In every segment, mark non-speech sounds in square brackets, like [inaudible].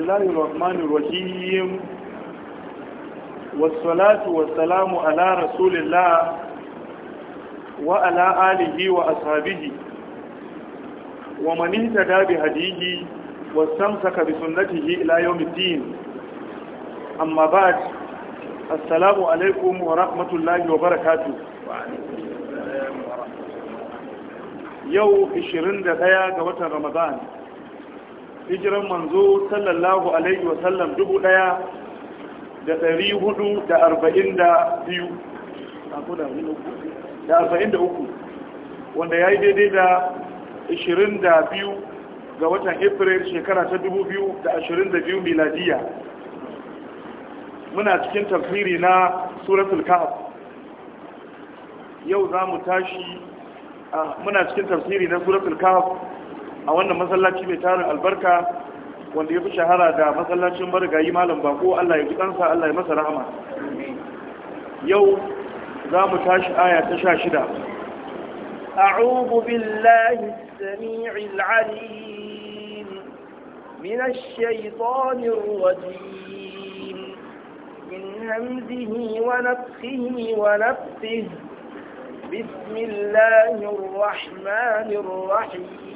الله الرحمن الرحيم والصلاة والسلام على رسول الله وعلى آله وأصحابه ومن اهتدى بهديه واستمسك بسنته إلى يوم الدين أما بعد السلام عليكم ورحمة الله وبركاته يوم 21 ga watan Ramadan hijiran manzo sallallahu alaihi wasallam dubu daya da dari hudu da arba'in da biyu da arba'in da uku wanda ya yi daidai da ashirin da biyu ga watan april shekara ta dubu biyu da ashirin da biyu miladiya muna cikin tafsiri na suratul kaf yau za mu tashi ah, muna cikin tafsiri na suratul kaf a wannan masallaci mai tarin albarka wanda ya fi shahara da masallacin marigayi malam bako Allah ya kansa Allah ya masa rahama yau za mu tashi aya ta sha shida أعوذ بالله السميع العليم من الشيطان الرجيم من همزه ونفخه ونفسه بسم الله الرحمن الرحيم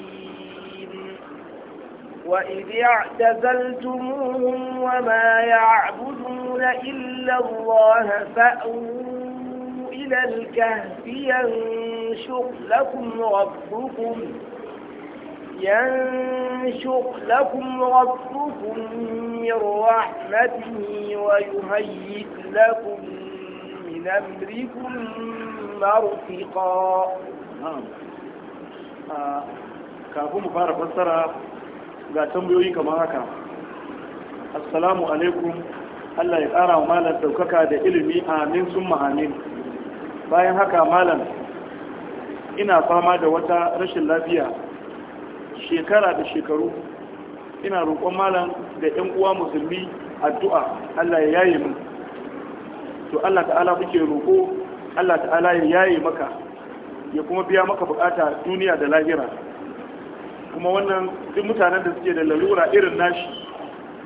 وإذ اعتزلتموهم وما يعبدون إلا الله فأووا إلى الكهف ينشر لكم ربكم ينشق لكم ربكم من رحمته ويهيئ لكم من أمركم مرفقا. نعم. آه. آه. كابو مبارك والسلام ga tambayoyi kamar haka assalamu alaikum Allah ya ƙara wa malam ɗaukaka da ilimi amin sun ma'amin bayan haka malam ina fama da wata rashin lafiya shekara da shekaru ina roƙon malam da ɗan uwa musulmi addu'a Allah ya yaye mu to Allah ta'ala muke roƙo Allah ta'ala ya yaye maka ya kuma biya maka bukata duniya da lahira kuma wannan duk mutanen da suke da lalura irin nashi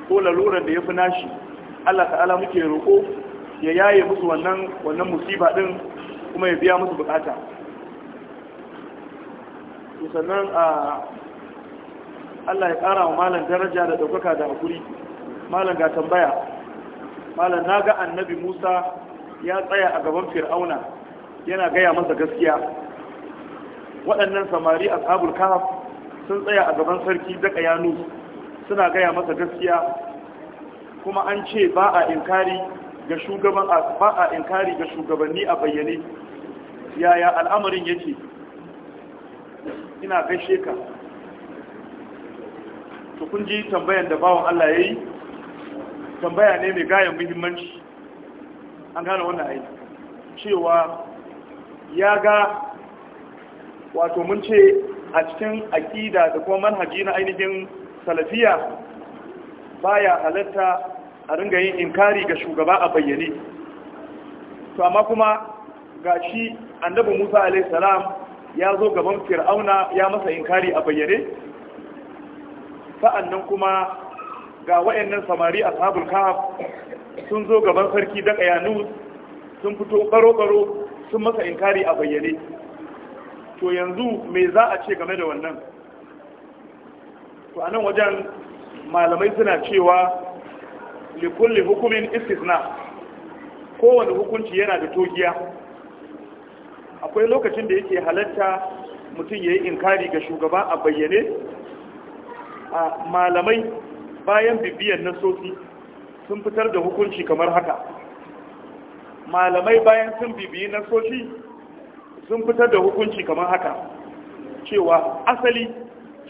ko lalura da ya fi nashi Allah ta'ala muke roƙo ya yaye musu wannan wannan musiba din kuma ya biya musu bukata sannan a Allah ya ƙara wa malam daraja da ɗaukaka da hakuri malam ga tambaya malam na ga annabi musa ya tsaya a gaban fir'auna yana gaya masa gaskiya waɗannan samari ashabul kahf sun tsaya a gaban sarki daga yanu suna gaya masa gaskiya kuma an ce ba a inkari ga shugaban ba a inkari ga shugabanni a bayyane yaya al'amarin yake ina gaishe ka to kun ji tambayan da bawan Allah yayi tambaya ne mai gayan muhimmanci an gane wannan ai cewa ya ga wato mun ce a cikin aƙida da kuma manhaji na ainihin salafiya baya halatta a ringa yin inkari ga shugaba a bayyane to amma kuma ga shi annabi musa salam ya zo gaban fir'auna ya masa inkari a bayyane sa'annan kuma ga wayannan samari a kahf kahaf sun zo gaban sarki da kayanu sun fito baro-baro sun masa inkari a bayyane to yanzu me za a ce game da wannan to anan wajen malamai suna cewa likulli hukumin istisna kowane hukunci yana da togiya akwai lokacin da yake halatta mutum ya yi inkari ga shugaba a bayyane a malamai bayan bibiyan nasosi sun fitar da hukunci kamar haka malamai bayan sun bibiyi nasosi sun fitar da hukunci kamar haka cewa asali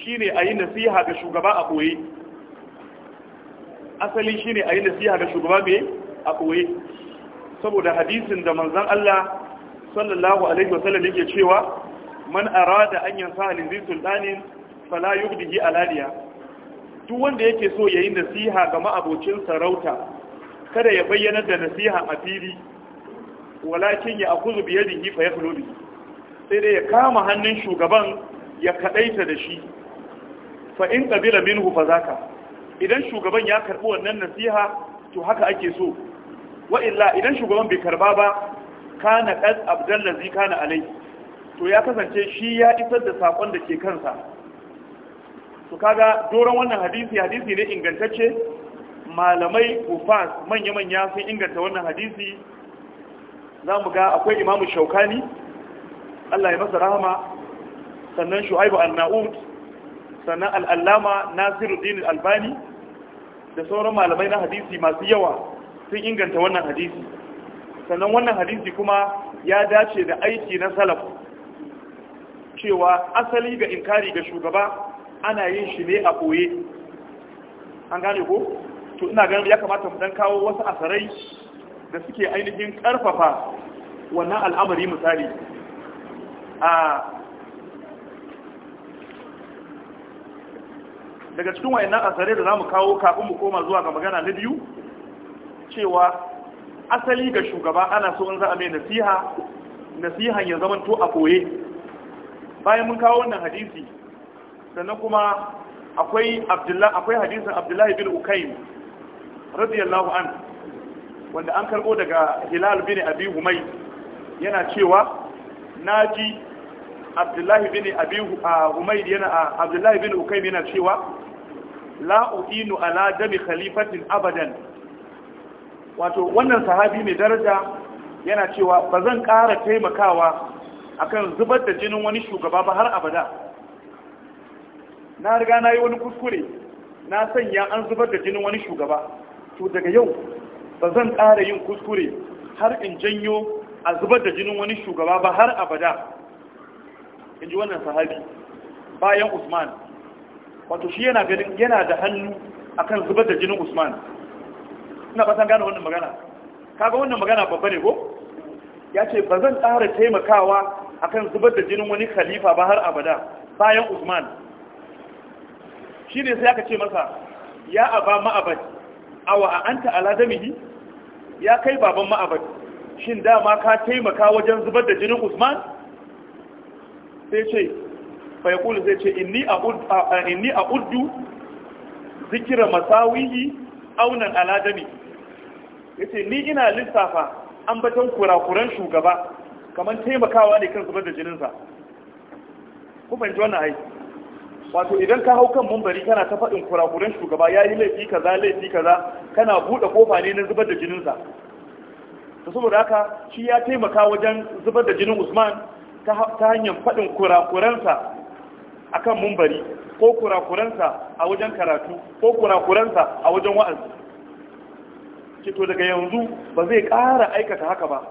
shine a yi nasiha ga shugaba a koye asali shine a yi nasiha ga shugaba mai a koye saboda hadisin da manzan Allah sallallahu alaihi wasallam yake cewa man da an yansa halin zai sultanin fala yubdihi aladiya duk wanda yake so ya yi nasiha ga ma'abocin sarauta kada ya bayyana da nasiha a fili walakin ya akuzu biyadihi fa yakhlu bihi sai dai ya kama hannun shugaban ya kadaita da shi fa in qabila minhu fa ka. idan shugaban ya karbi wannan nasiha to haka ake so wa illa idan shugaban bai karɓa ba kana qad abdallazi kana alai to ya kasance shi ya isar da sakon da ke kansa to kaga doron wannan hadisi hadisi ne ingantacce malamai ufas manya-manya sun inganta wannan hadisi za mu ga akwai imamu shaukani Allah ya masa rahama sannan shu'aibu al-na'ud sannan al-allama nasiruddin al-albani da sauran malamai na hadisi masu yawa sun inganta wannan hadisi sannan wannan hadisi kuma ya dace da aiki na salaf cewa asali ga inkari ga shugaba ana yin shi ne a boye an gane ko to ina ganin ya kamata mu dan kawo wasu asarai da suke ainihin karfafa wannan al'amari misali daga cikin wayannan asare da za mu kawo kafin mu koma zuwa ga magana na biyu cewa asali ga shugaba ana so in za a mai nasiha nasihan ya zamanto a koye bayan mun kawo wannan hadisi sannan kuma akwai abdullahi hadisin abdullahi bin ukaim radiyallahu an wanda an karbo daga hilal bin abi humay yana cewa na ji. abdullahi bin abi umayd yana abdullahi bin ukaym yana cewa la uinu ala dami khalifatin abadan wato wannan sahabi mai daraja yana cewa ba zan ƙara taimakawa akan zubar da jinin wani shugaba ba har abada na riga na yi wani kuskure na sanya an zubar da jinin wani shugaba to daga yau ba zan ƙara yin kuskure har in janyo a zubar da jinin wani shugaba ba har abada in ji wannan sahabi bayan usman wato shi yana ganin yana da hannu akan zubar da jinin usman ina fatan gane wannan magana kaga wannan magana babba ne ko ya ce ba zan tsara taimakawa akan zubar da jinin wani khalifa ba har abada bayan usman shi ne sai aka ce masa ya aba ma'abad awa a anta aladamihi ya kai baban ma'abad shin dama ka taimaka wajen zubar da jinin usman sai ce fa yaqulu sai ce inni a uddu zikira masawihi aunan aladami yace ni ina lissafa ambaton kurakuran shugaba kamar taimakawa ne kan zubar da jininsa ku fahimci wannan wato idan ka hau kan mumbari kana ta faɗin kurakuran shugaba ya yi laifi kaza laifi kaza kana buɗe kofa ne na zubar da jininsa saboda haka shi ya taimaka wajen zubar da jinin usman ta hanyar faɗin kurakuransa a kan mumbari ko kurakuransa a wajen karatu ko kurakuransa a wajen wa'azi cito daga yanzu ba zai ƙara aikata haka ba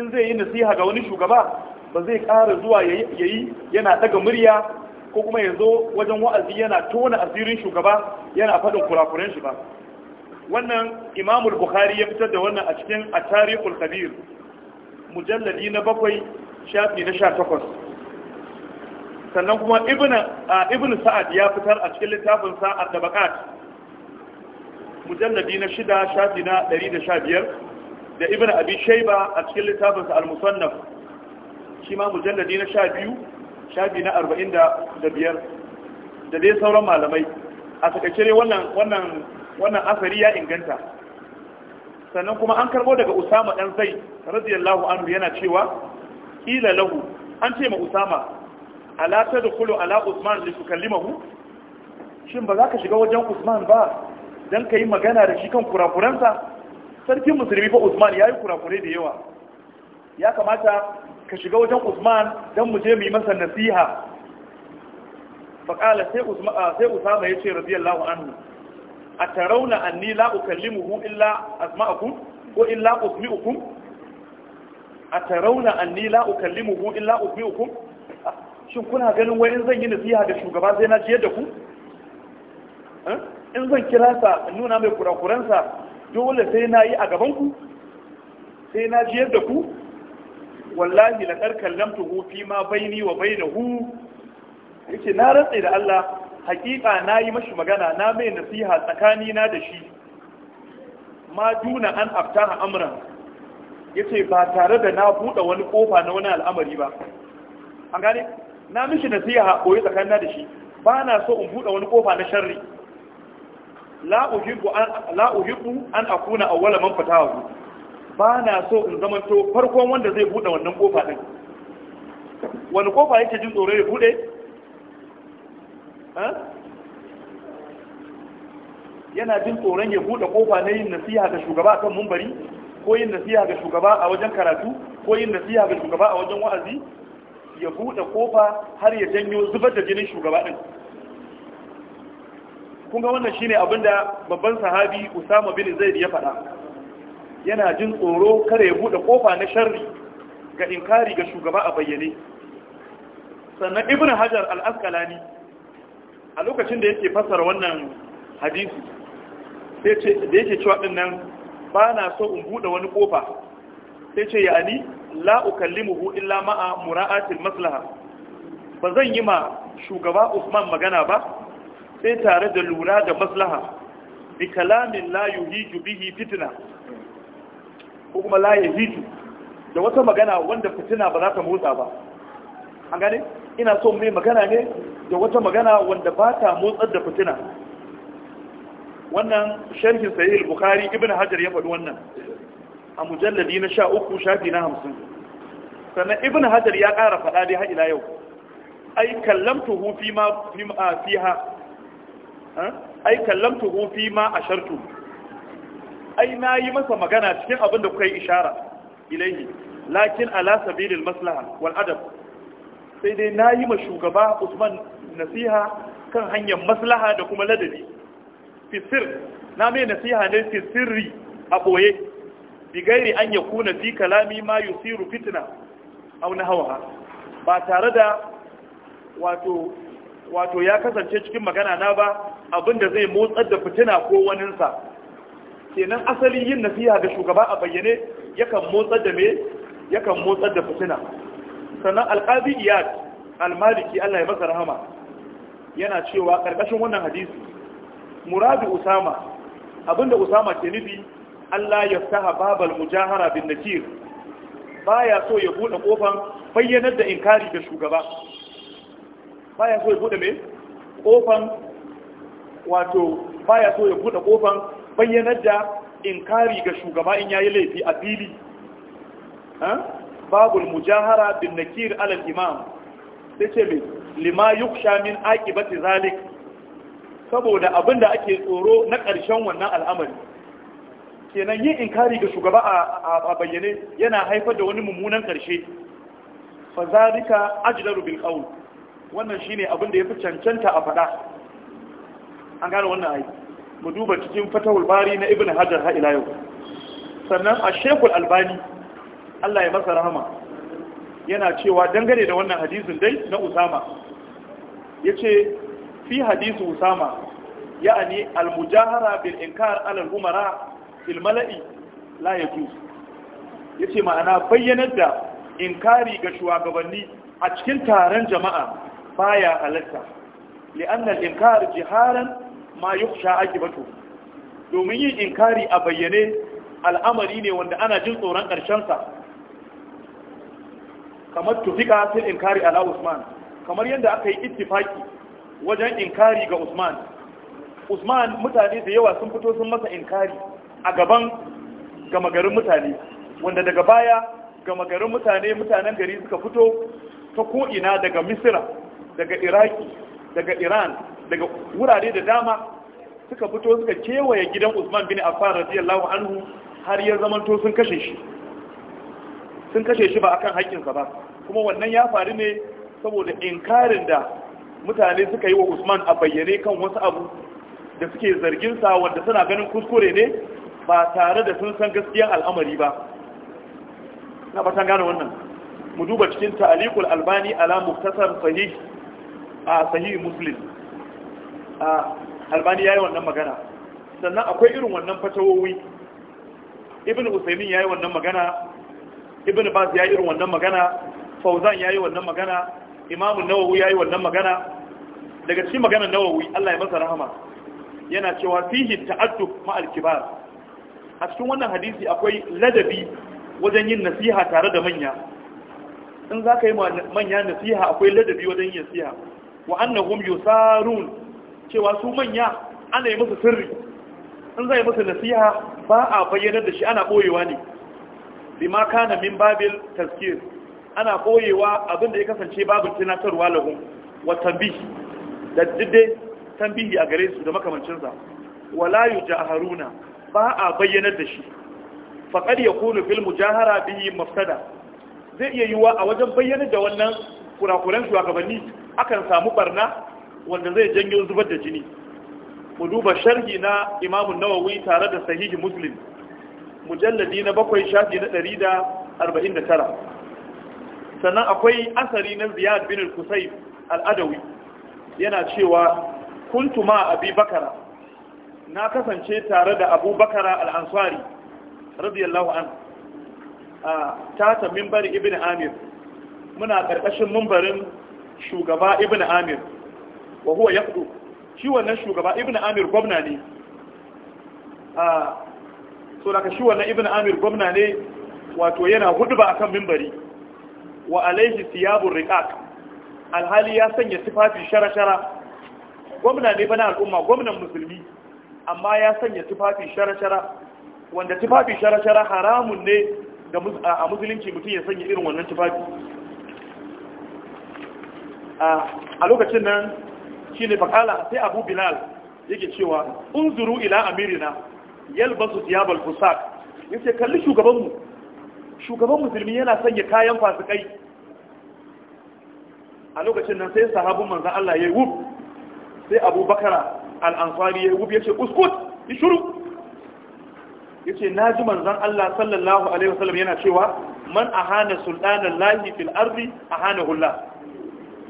in zai yi nasiha ga wani shugaba ba zai ƙara zuwa ya yi yana ɗaga murya ko kuma ya zo wajen wa'azi yana tona asirin shugaba yana faɗin kurakuran shi ba wannan imamul bukhari ya fitar da wannan a cikin a tarihul kabir mujalladi na bakwai shafi na sha takwas sannan kuma ibn sa'ad ya fitar a cikin littafin sa'ad da bakat Mujallabi na shida shafi na dari da sha biyar da ibn abi shaiba a cikin littafin sa al-musannaf shi ma mujallabi na sha biyu shafi na arba'in da biyar da dai sauran malamai a takaice ne wannan asari ya inganta sannan kuma an karbo daga usama dan zai radiyallahu anhu yana cewa kila lahu an ce ma usama ala tadkhulu ala usman li tukallimahu shin ba za ka shiga wajen usman ba dan kai magana da shi kan kurakuransa sarkin musulmi ba usman yi kurakure da yawa ya kamata ka shiga wajen usman dan mu je mu yi masa nasiha faqala sai usman ah, sai usama radiyallahu anhu atarauna anni la ukallimuhu illa asma'akum ko illa usmi'ukum a tarauna anni la ukallimuhu illa ubiukum ah, shin kuna ganin wai in zan yi nasiha da shugaba sai na jiyar da ku eh? in zan kira sa nuna mai kurakuransa dole sai na yi a gaban ku sai na jiyar da ku wallahi la karkallamtuhu fi ma baini wa bainahu yace na rantsa da Allah hakika na yi mashi magana na mai nasiha tsakani na da shi ma duna an aftaha amran yace ba tare da na buɗe wani kofa na wani al'amari ba an gane na mishi nasiha koyi tsakanina da shi ba na so in buɗe wani kofa na sharri la uhibbu an akuna awwala man fatahu ba na so in zamanto farkon wanda zai buɗe wannan kofa din wani kofa yake jin tsoro ya buɗe yana jin tsoron ya buɗe kofa na yin nasiha ga shugaba kan mumbari ko yin nasiha ga shugaba a wajen karatu ko yin nasiha ga shugaba a wajen wa'azi ya buɗe kofa har ya janyo zubar da jinin shugaba ɗin kun ga wannan shine abin da babban sahabi usama bin zaid ya faɗa yana jin tsoro kare ya buɗe kofa na sharri ga inkari ga shugaba a bayyane sannan ibn hajar al-asqalani a lokacin da yake fassara wannan hadisi sai da yake cewa din nan ba na so in buɗe wani kofa sai ce ya ani la ukallimuhu illa ma'a mura'atil maslaha ba zan yi ma shugaba Usman magana ba sai tare da lura da maslaha bi kalamin la yuhiju bihi fitna ko kuma la yuhiju da wata magana wanda fitina ba za ta motsa ba an gane ina so mai magana ne da wata magana wanda ba ta motsar da fitina wannan sharhin sahih al-bukhari ibn hajar ya faɗi wannan a mujalladi na 13 shafi na 50 sannan ibn hajar ya ƙara faɗa dai har ila yau ai kallamtuhu fi ma fi ma fiha ai kallamtuhu fi ma ai nayi masa magana cikin abin da kuka yi ishara lakin ala sabilil maslaha wal adab sai dai nayi ma shugaba Usman nasiha kan hanyar maslaha da kuma ladabi fisir na mai nasiha ne fisirri a ɓoye bigairi an ya kuna fi kalami ma yusiru fitna au hawa ba tare da wato ya kasance cikin magana na ba abinda zai motsar da fitina ko waninsa kenan asali yin nasiha da shugaba a bayyane yakan motsar da me yakan motsar da fitina sannan alqazi iyad almaliki Allah ya masa rahama yana cewa karkashin wannan hadisi muradu usama abinda usama ke nufi Allah ya saha babal mujahara bin nakir baya so ya bude kofan bayyanar da inkari da shugaba baya so ya bude me kofan wato baya so ya bude kofan bayyanar da inkari ga shugaba in yayi laifi a fili babul mujahara bin nakir alal imam sai ce me lima yuksha min aqibati zalik saboda abin da ake tsoro na ƙarshen wannan al'amari kenan yin inkari ga shugaba a bayyane yana haifar da wani mummunan ƙarshe fa zalika ajdaru bil qawl wannan shine abin da fi cancanta a faɗa an gane wannan ayi mu duba cikin fatahul bari na Ibn hajar ha yau sannan a shekul albani Allah ya masa rahama yana cewa dangane da wannan hadisin dai na usama Ya ce. fi Hadisu usama ya'ani al-mujahara bil inkar ala al-umara fil mala'i la yajuz yace ma'ana bayyanar da inkari ga shugabanni a cikin taron jama'a baya halatta li'anna al-inkar jiharan ma yukhsha akibatu domin yin inkari a bayyane al'amari ne wanda ana jin tsoron ƙarshen sa kamar tufika fil inkari ala usman kamar yadda aka yi ittifaki wajen inkari ga usman usman mutane da yawa sun fito sun masa inkari a gaban gama garin mutane wanda daga baya gama garin mutane mutanen gari suka fito ta ko'ina daga misira daga iraki daga iran daga wurare da dama suka fito suka kewaye gidan usman bin affan radiyallahu anhu har ya zamanto sun kashe shi sun kashe shi ba akan haƙƙinsa ba kuma wannan ya faru ne saboda inkarin da mutane suka yi wa usman a bayyane kan wasu abu da suke zarginsa wanda suna ganin kuskure ne ba tare da sun san gaskiyar al'amari ba na batan gane wannan mu duba cikin ta'alikul albani ala muktasar sahih a sahih muslim a albani yayi wannan magana sannan akwai irin wannan fatawowi ibn usaimin yayi wannan magana ibn bas yayi irin wannan magana fauzan yayi wannan magana imamu nawawi yi wannan magana daga cikin magana nawawi Allah ya masa rahama yana cewa fihi ta'addub ma'al kibar a cikin wannan hadisi akwai ladabi wajen yin nasiha tare da manya in za ka yi manya nasiha akwai ladabi wajen yin nasiha wa annahum yusarun cewa su manya ana yi musu sirri in za yi musu nasiha ba a bayyanar da shi ana boyewa ne bima kana min babil tazkir ana koyewa abin da ya kasance babu tunatarwa lahum wa tambihi da dide tambihi a gare su da makamancinsa wala yujaharuna ba a bayyana da shi faqad yakunu fil mujahara bihi mafsada zai iya yiwa a wajen bayyana da wannan kurakuran shugabanni akan samu barna wanda zai janyo zubar da jini mu duba sharhi na imamu nawawi tare da sahihi muslim mujalladi na bakwai shafi na 149 sannan akwai asari na ziyad bin al-kusayb al-adawi yana cewa kuntu ma abi bakara na kasance tare da abu bakara al-ansari radiyallahu an a tata mimbar ibn amir muna karkashin mimbarin shugaba ibn amir wa huwa yaqdu shi wannan shugaba ibn amir gwamna ne a so daga shi wannan ibn amir gwamna ne wato yana hudu ba akan mimbari wa alaihi siyabun riqaq alhali ya sanya tufafi shara-shara gwamna ne bana al'umma gwamnan musulmi amma ya sanya tufafi shara-shara wanda tufafi shara-shara haramun ne a musulunci mutum ya sanya irin wannan tufafi a lokacin nan shi ne fakala sai abu bilal yake cewa unzuru ila amirina yalbasu siyabal fusak yace kalli shugabanmu shugaban musulmi yana sanya kayan fasikai a lokacin nan sai sahabin manzan Allah ya yi wuf sai abubakar al'ansari ya yi wuf ya ce uskut yi shuru ya ce na ji manzan Allah sallallahu alaihi wasallam yana cewa man a hana sultanan lahi fil arzi a hana hula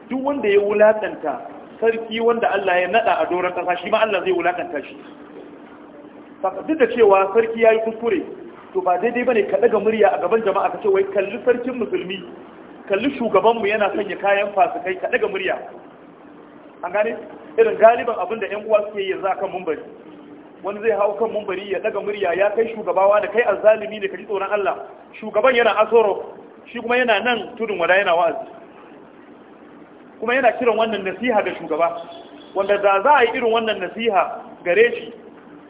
duk wanda ya wulaƙanta sarki wanda Allah ya naɗa a doron ƙasa shi ma Allah zai wulaƙanta shi duk da cewa sarki ya yi kuskure to ba daidai bane ka daga murya a gaban jama'a ka ce wai kalli sarkin musulmi kalli mu yana sanya kayan fasikai ka daga murya an gane irin galiban abin da yan uwa suke yanzu akan mumbari wani zai hau kan mumbari ya daga murya ya kai shugabawa da kai azzalimi ne ka ji tsoron Allah shugaban yana asoro shi kuma yana nan tudun wada yana wa'azi kuma yana kiran wannan nasiha ga shugaba wanda da za a yi irin wannan nasiha gare shi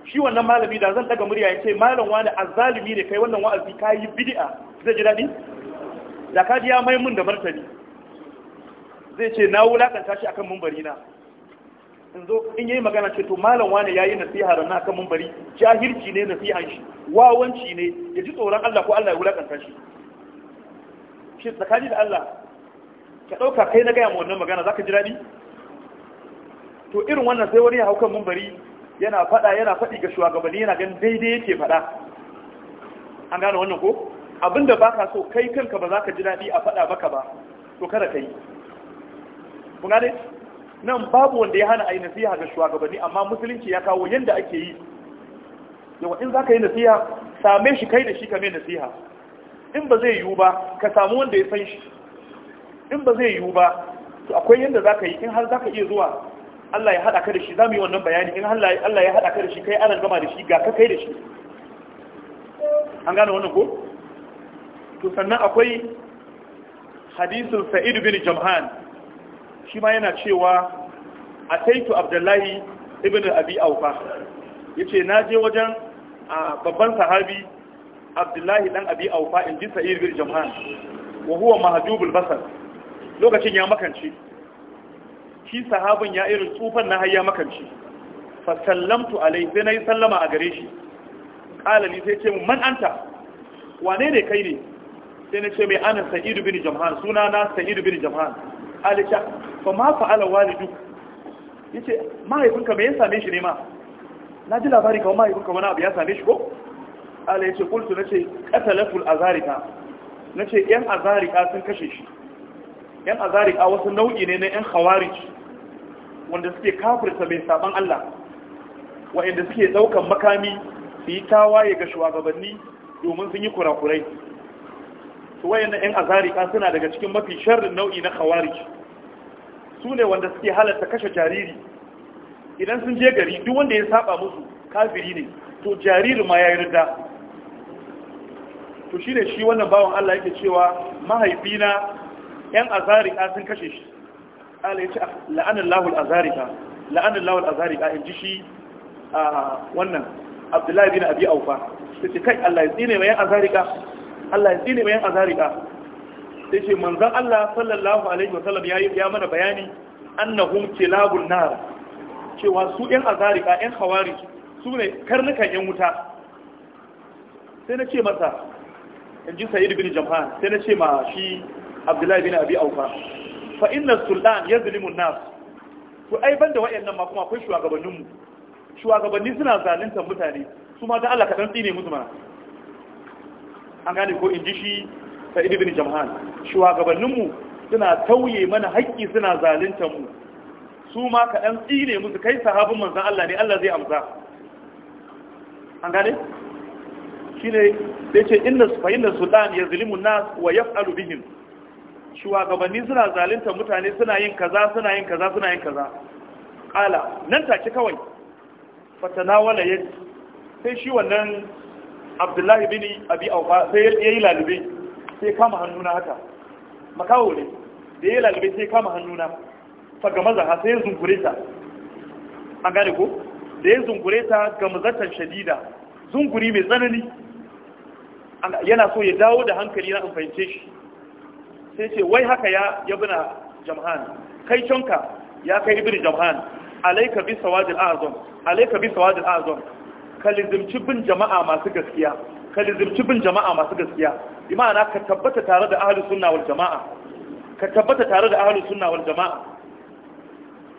shi wannan malami da zan daga murya ya ce malam wani azalimi ne kai wannan wa'azi ka yi bid'a zai ji daɗi da ka ji ya mai mun da martani zai ce na wulakanta shi akan mumbari na in zo in yi magana ce to malam wani yayi nasiha ran akan mumbari jahilci ne nasihan shi wawanci ne ya ji tsoron Allah ko Allah ya wulakanta shi shi tsakani da Allah ka dauka kai na gaya ma wannan magana zaka ji daɗi to irin wannan sai wani ya hau kan mumbari yana fada yana fadi ga shugabanni yana ganin daidai yake fada an gane wannan ko abinda baka so kai kanka ba za ka ji daɗi a fada maka ba to kada ka yi kun gane nan babu wanda ya hana a nasiha ga shugabanni amma musulunci ya kawo yadda ake yi yawa in za ka yi nasiha same shi kai da shi ka mai nasiha in ba zai yiwu ba ka samu wanda ya san shi in ba zai yiwu ba to akwai yadda za ka yi in har za ka iya zuwa Allah ya haɗa ka da shi za mu yi wannan bayani in Allah ya haɗa ka da shi kai ana gama da shi ga ka kai da shi an gane wannan ko? to sannan akwai hadisun sa'id bin jamhan shi ma yana cewa a taitu abdullahi ibn abi aufa ya ce na je wajen babban sahabi abdullahi dan abi aufa in ji sa'id bin jamhan wa huwa mahajubul basar lokacin ya makance shi sahabin ya irin tsufan na hayya makanci fa sallamtu alai sai nayi sallama a gare shi qala ni sai ce mun man anta wane ne kai ne sai na ce mai ana sa'idu bin jamhan suna na sa'idu bin jamhan alisha fa ma fa fa'ala walidu yace mahaifinka me ya same shi ne ma na ji labari kawai mahaifinka wani abu ya same shi ko ala yace qultu nace qatalatul azarika nace yan azarika sun kashe shi yan azarika wasu nau'i ne na yan khawarij wanda suke kafirta mai saban Allah wa'anda suke ɗaukan makami su yi tawaye ga shugabanni domin sun yi kurakurai wayan wayannan yan azarika suna daga cikin mafi sharrin nau'i na khawarij su ne wanda suke halarta kashe jariri idan sun je gari duk wanda ya saba musu kafiri ne to jariri ma ya yi rida. to shine shi wannan bawan Allah yake cewa mahaifina yan azarika sun kashe shi kala yace la'anan lahul azarika la'anan lahul azarika in ji shi a wannan abdullahi bin abi aufa sai kai Allah ya tsine mai yan azarika Allah ya tsine mai yan azarika sai ce manzan Allah sallallahu alaihi wasallam ya ya mana bayani annahum kilabun nar cewa su ɗan azarika yan hawari su ne karnukan yan wuta sai na ce masa in ji sayid bin jamhan sai na ce ma shi abdullahi bin abi aufa fa inna sultan yazlimu nas to ai banda wayannan ma kuma akwai shugabannin mu shugabanni suna zaluntar mutane su ma da Allah ka dan tsine musu mana an gane ko inji shi sa'id ibn jamhan shugabannin mu suna tauye mana haƙƙi suna zaluntar mu su ma ka dan tsine musu kai sahabin manzon Allah ne Allah zai amsa an gane shine yace inna fa inna sultan yazlimu nas wa yaf'alu bihim shugabanni suna zalunta mutane suna yin kaza suna yin kaza suna yin kaza kala nan take kawai fatanawala ya sai shi wannan abdullahi bin abi Auba sai ya yi lalube sai kama hannuna haka makawo ne da ya yi lalube sai kama hannuna fa ga mazaha sai ya zungure ta an gane ko da ya zungure ta ga mazatan shadida zunguri mai tsanani yana so ya dawo da hankali na in shi sai ce wai haka ya yabna jamhan kai canka ya kai ibn jamhan alayka bi sawadil azam alayka bi sawadil azam kalizimci bin jama'a masu gaskiya kalizimci bin jama'a masu gaskiya imana ka tabbata tare da ahlus sunna wal jama'a ka tabbata tare da ahlus sunna wal jama'a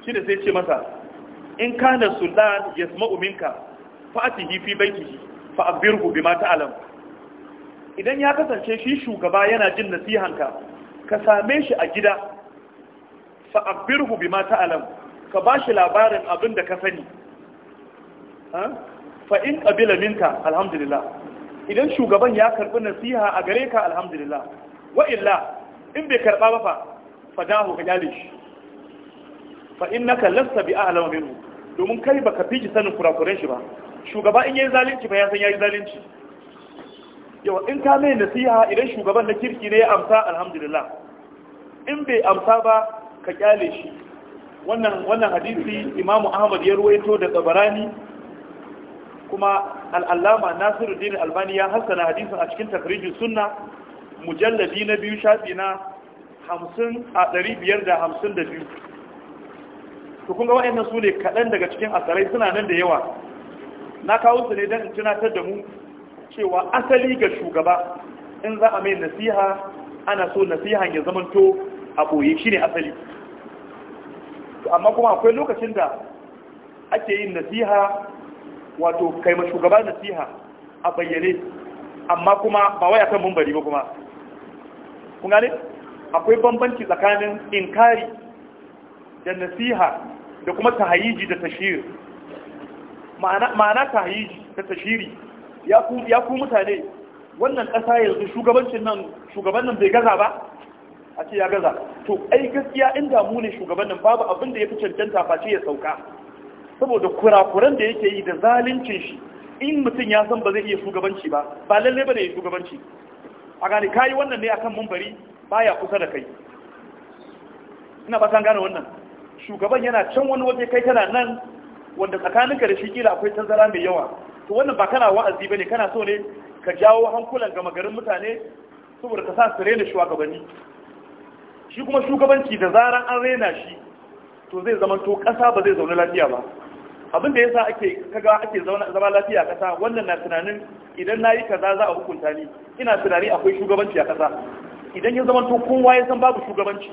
shine sai ce masa in kana sultan yasma'u minka fa'atihi fi baitihi fa abirhu bima ta'lam idan ya kasance shi shugaba yana jin nasihanka ka same shi a gida fa'abbirhu bima ta'lam ka ba shi labarin abin da ka sani fa in qabila minka alhamdulillah idan shugaban ya karɓi nasiha a gare ka alhamdulillah wa illa in bai karɓa ba fa fadahu ka jale shi fa innaka lasta bi a'lam minhu domin kai ba ka fi sanin kurakuren shi ba shugaba in yi zalunci ba ya san ya yi zalunci yawa in ka mai nasiha idan shugaban na kirki ne ya amsa alhamdulillah in bai amsa ba ka kyale shi wannan wannan hadisi imamu ahmad ya ruwaito da tsabarani kuma al'allama dini albani ya hassana hadisin a cikin takarijin sunna mujalladi na biyu shafi na hamsin a 552 to kun ga su ne kaɗan daga cikin asarai suna nan da yawa na kawo su ne don tunatar da mu cewa asali ga shugaba in za a mai nasiha ana so nasiha ya zamanto a ɓoye shi ne asali amma kuma akwai lokacin da ake yin nasiha wato kai ma shugaba nasiha a bayyane amma kuma ba wai akan mumbari ba kuma kun gane akwai bambanci tsakanin inkari da nasiha da kuma tahayiji da tashiri ma'ana tahayiji da tashiri ya ku mutane wannan ƙasa yanzu shugabancin nan shugaban nan bai gaza ba a ce ya gaza to ai gaskiya in damu ne shugaban nan babu abin da ya fi cancanta face ya sauka saboda kurakuran da yake yi da zalincin shi in mutum ya san ba zai iya shugabanci ba ba lalle ba ne ya shugabanci a gani kayi wannan ne akan mumbari ya kusa da kai ina ba san gane wannan shugaban yana can wani waje kai tana nan wanda tsakaninka da shi kila akwai tazara mai yawa to wannan ba kana wa'azi bane kana so ne ka jawo hankulan ga magarin mutane saboda ka sa su rena shugabanni shi kuma shugabanci da zaran an rena shi to zai zama to kasa ba zai zauna lafiya ba abin da yasa ake kaga ake zama lafiya kasa wannan na tunanin idan nayi kaza za a hukunta ni ina tunani akwai shugabanci a kasa idan ya zama to kowa ya san babu shugabanci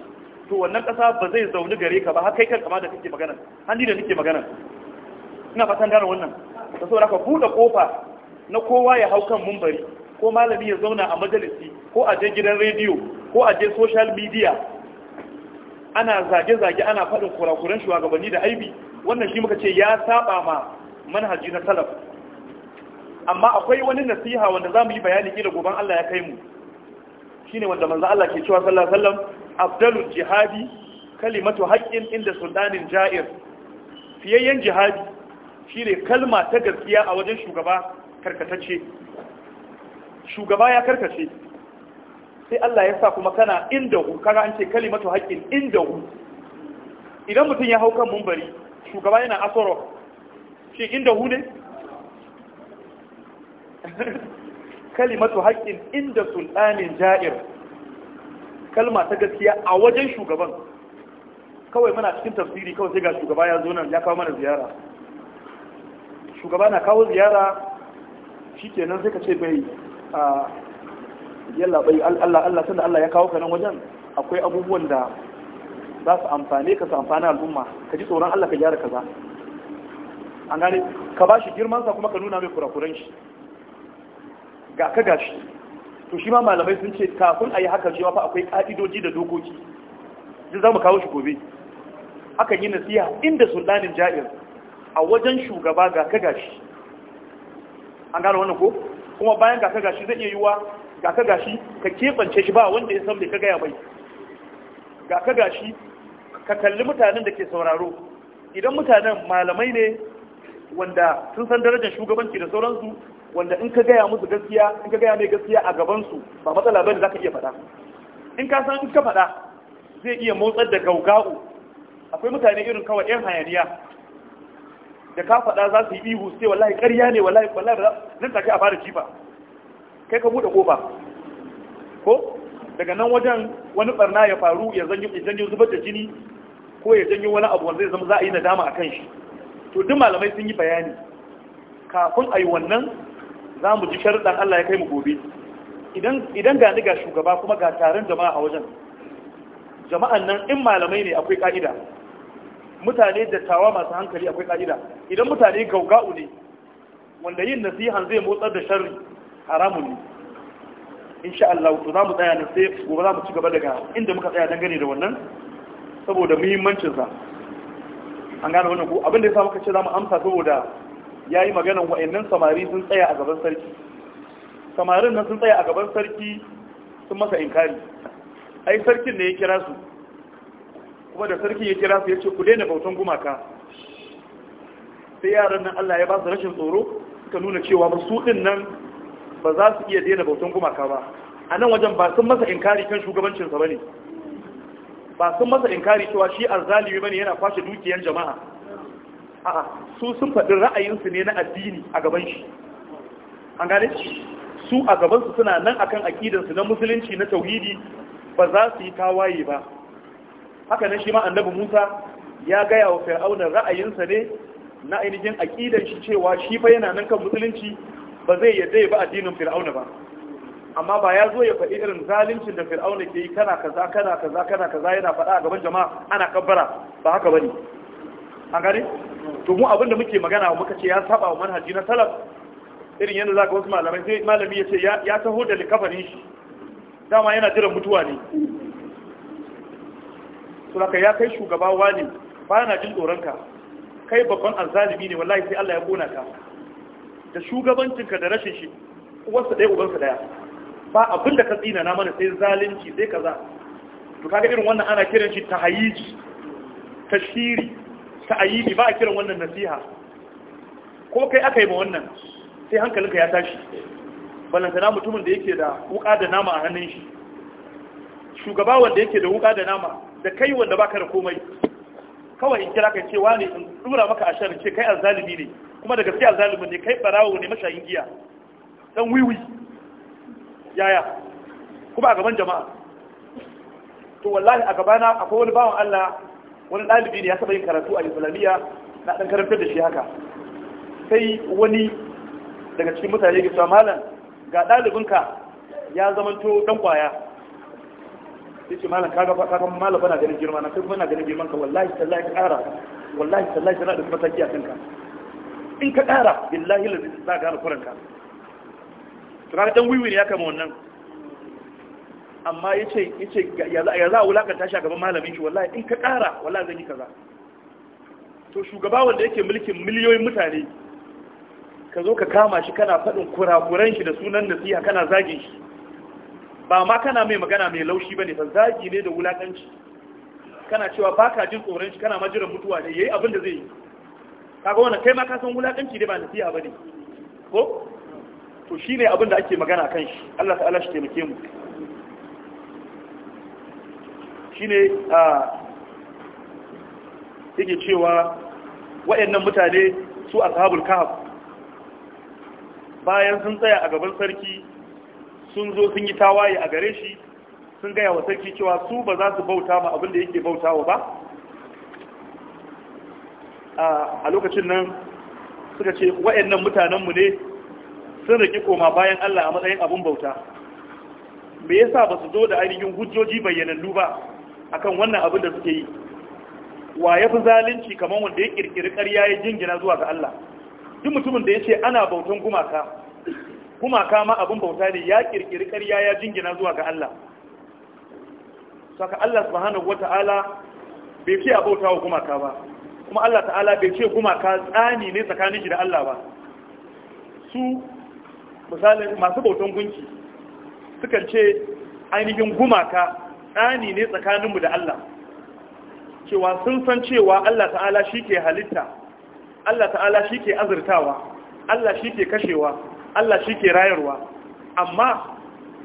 to wannan kasa ba zai zauni gare ka ba har kai kan ma da kake magana hanni da nake magana ina fatan gane wannan da saboda ka buɗe kofa na kowa ya hau kan mumbari ko malami ya zauna a majalisi ko a je gidan rediyo ko a je social media ana zage-zage ana faɗin kurakuran shugabanni da aibi wannan shi muka ce ya saba ma manhaji na talaf amma akwai wani nasiha wanda za mu yi bayani kila goban Allah ya kai mu shine wanda manzo Allah ke cewa sallallahu alaihi wasallam afdalul jihadi kalimatu haqqin inda sultanin ja'ir fiyayyen jihadi Shi ne kalma ta gaskiya a wajen shugaba karkatacce shugaba ya karkace sai Allah ya sa kuma kana inda hu kana an ce kalimatu haqqin inda hu idan mutum ya hau kan mumbari shugaba yana asoro shi inda hu ne [laughs] kalimatu haqqin inda sultanin ja'ir kalma ta gaskiya a wajen shugaban kawai muna cikin tafsiri kawai sai ga shugaba ya zo nan ya kawo mana ziyara shugaba na kawo ziyara shikenan sai ka ce bai a yalla bai Allah Allah Allah ya kawo ka nan wajen akwai abubuwan da za su amfane ka su amfani al'umma ka ji tsoron Allah ka gyara kaza an gane ka ba shi girmansa kuma ka nuna mai kurakuran shi ga ka gashi to shi ma malamai sun ce kafin a yi haka cewa fa akwai ka'idoji da dokoki zai za mu kawo shi gobe akan yi nasiha inda sultanin ja'ir a wajen shugaba ga ka gashi an gano wannan ko kuma bayan ga ka gashi zai iya yiwa ga ka gashi ka kebance shi ba wanda ya san bai ka gaya mai ga ka gashi ka kalli mutanen da ke sauraro idan mutanen malamai ne wanda sun san darajar shugabanci da sauransu wanda in ka gaya musu gaskiya in ka gaya mai gaskiya a gabansu ba matsala bane za iya faɗa in ka san in ka faɗa zai iya motsar da gaugau akwai mutane irin kawai yan hayaniya da ka faɗa za su yi ihu sai wallahi ƙarya ne wallahi wallahi zan take a fara jifa kai ka buɗe kofa ko daga nan wajen wani barna ya faru ya janyo zubar da jini ko ya janyo wani abu wanda zai zama za a yi nadama a kan shi to duk malamai sun yi bayani kafin a yi wannan za mu ji sharuɗan Allah ya kai mu gobe idan ni ga shugaba kuma ga taron jama'a a wajen jama'an nan in malamai ne akwai ka'ida mutane dattawa masu hankali akwai ka'ida idan mutane gauga'u ne wanda yin nasihan zai motsar da sharri haramun ne insha Allah to za mu tsaya na sai gobe za mu ci gaba daga inda muka tsaya dangane da wannan saboda muhimmancin sa an gane wannan ko abin da yasa muka ce za mu amsa saboda yayi maganan wa'annan samari sun tsaya a gaban sarki samarin nan sun tsaya a gaban sarki sun masa inkari ai sarkin ne ya kira su kuma da sarki ya kira su ya ce ku daina bautan gumaka sai yaran nan Allah ya ba su rashin tsoro suka nuna cewa ba su din nan ba za su iya daina bautan gumaka ba a nan wajen ba sun masa inkari kan shugabancinsa ba ne ba sun masa inkari cewa shi arzalimi ba ne yana kwashe dukiyan jama'a a'a su sun faɗi ra'ayinsu ne na addini a gaban shi an gane su a gabansu suna nan akan su na musulunci na tauhidi ba za su yi tawaye ba haka nan shi ma annabi Musa ya gaya wa Fir'auna ra'ayinsa ne na ainihin aqidar shi cewa shi fa yana nan kan musulunci ba zai yadda ya ba addinin Fir'auna ba amma ba ya zo ya faɗi irin zaluncin da Fir'auna ke yi kana kaza kana kaza kana kaza yana faɗa a gaban jama'a ana kabbara ba haka bane an gane to mu abin da muke magana muka ce ya saba wa manhaji na salaf irin yanda zaka wasu malamai sai malami ya ce ya taho da likafarin shi dama yana jiran mutuwa ne saboda ya kai shugaba wani ba na jin tsoronka kai babban alzalimi ne wallahi sai Allah ya gona ka da shugabancinka da rashin shi uwarsa ɗaya ubansa ɗaya ba abin da ka tsina na mana sai zalunci sai kaza to kaga irin wannan ana kiran shi shiri tashiri ayyibi ba a kiran wannan nasiha ko kai aka yi ma wannan sai hankalinka ya tashi na mutumin da yake da wuka da nama a hannun shi shugaba wanda yake da wuka da nama da kai wanda baka da komai kawai in kira kai ce wani in dura maka a ashar ce kai azalimi ne kuma da gaskiya azzalimin ne kai barawo ne mashayin giya dan wiwi yaya kuma a gaban jama'a to wallahi a gabana akwai wani bawan Allah wani ɗalibi ne ya saba yin karatu a islamiyya na ɗan karantar da shi haka sai wani daga cikin mutane ya ce malam ga ɗalibinka ya zamanto dan kwaya sai ce malam kaga kaga malam bana ganin girma na kuma na ganin girman ka wallahi sallahi ka ƙara wallahi sallahi kana da taki a kanka in ka ƙara billahi lazi za ka gane kuranka to kaga dan wiwi ne ya kama wannan amma yace yace ya za a wulakanta shi a gaban malamin shi wallahi in ka ƙara wallahi zan yi kaza to shugaba wanda yake mulkin miliyoyin mutane ka zo ka kama shi kana faɗin kurakuran shi da sunan nasiha kana zagin shi ba ma kana mai magana mai laushi ba ne. fa zagi ne da wulakanci kana cewa baka jin tsoron shi kana majiran mutuwa ne yayi abin da zai yi kaga wannan kai ma ka san wulakanci ne ba nasiha bane ko to shine abin da ake magana kan shi Allah ta'ala shi taimake mu shine a yake cewa wayannan mutane su ashabul kahf bayan sun tsaya a gaban sarki sun zo sun yi tawaye a gare shi sun gaya wa sarki cewa su ba za su bauta ma abin da yake bautawa ba a lokacin nan suka ce nan mutanenmu ne sun rike koma bayan Allah a matsayin abin bauta me yasa ba su zo da ainihin hujjoji bayyanannu ba akan wannan abin da suke yi wa ya fi zalunci kamar wanda ya ƙirƙiri ƙarya ya jingina zuwa ga Allah duk mutumin da ya ce ana bautan gumaka kuma kama abin bauta ne ya kirkiri ƙarya ya jingina zuwa ga Allah saka Allah subhanahu wata'ala bai ce a bauta kuma gumaka ba kuma Allah ta'ala bai ce gumaka tsani ne tsakanin shi da Allah ba su misalin masu bautan gunki sukan ce ainihin gumaka tsani ne tsakaninmu da Allah cewa sun san cewa Allah ta'ala shi ke halitta Allah ta'ala shi ke azurtawa Allah shi ke kashewa Allah shi ke rayarwa amma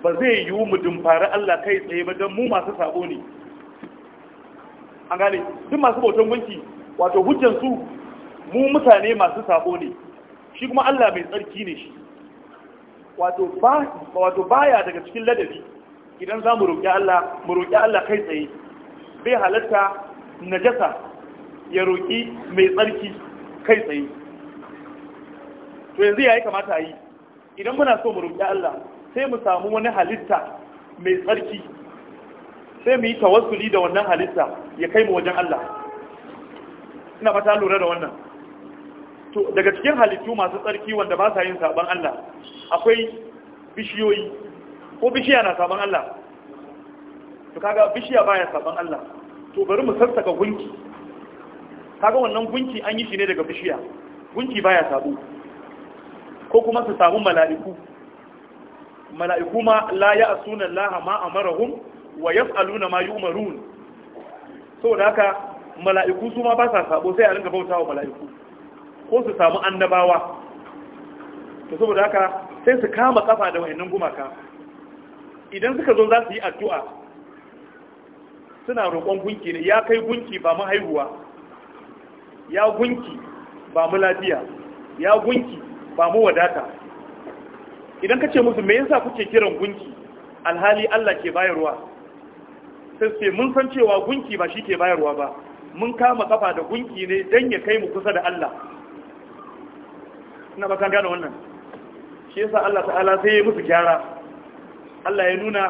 ba zai yiwu mu dumfari Allah kai tsaye ba don mu masu sabo ne an gane duk masu bautan gunki wato hujjansu mu mutane masu sabo ne shi kuma Allah mai tsarki ne shi wato baya daga cikin ladabi idan za mu roƙi Allah mu roƙi Allah kai tsaye bai halatta najasa ya roƙi mai tsarki kai tsaye to yanzu ya yayi kamata a yi idan muna so mu roƙi Allah sai mu samu wani halitta mai tsarki sai mu yi tawassuli da wannan halitta ya kai mu wajen Allah ina fata lura da wannan to daga cikin halittu masu tsarki wanda ba sa yin saban Allah akwai bishiyoyi ko bishiya na saban Allah to kaga bishiya baya saban Allah to bari mu sassaka gunki kaga wannan gunki an yi shi ne daga bishiya gunki baya sabo ko kuma su samu mala'iku mala'iku ma la ya asuna Allah ma amarahum wa yaf'aluna ma yu'marun saboda haka mala'iku su ma ba sa sabo sai a ringa bautawa mala'iku ko su samu annabawa to saboda haka sai su kama kafa da wayannan gumaka idan suka zo za su yi addu'a suna roƙon gunki ne ya kai gunki ba mu haihuwa ya gunki ba mu lafiya ya gunki ba mu wadata idan ka ce musu me yasa kuke kiran gunki alhali Allah ke bayarwa sai sai mun san cewa gunki ba shi ke bayarwa ba mun kama kafa da gunki ne dan ya kai mu kusa da Allah ina ba kan gane wannan shi yasa Allah ta'ala sai ya musu gyara Allah ya nuna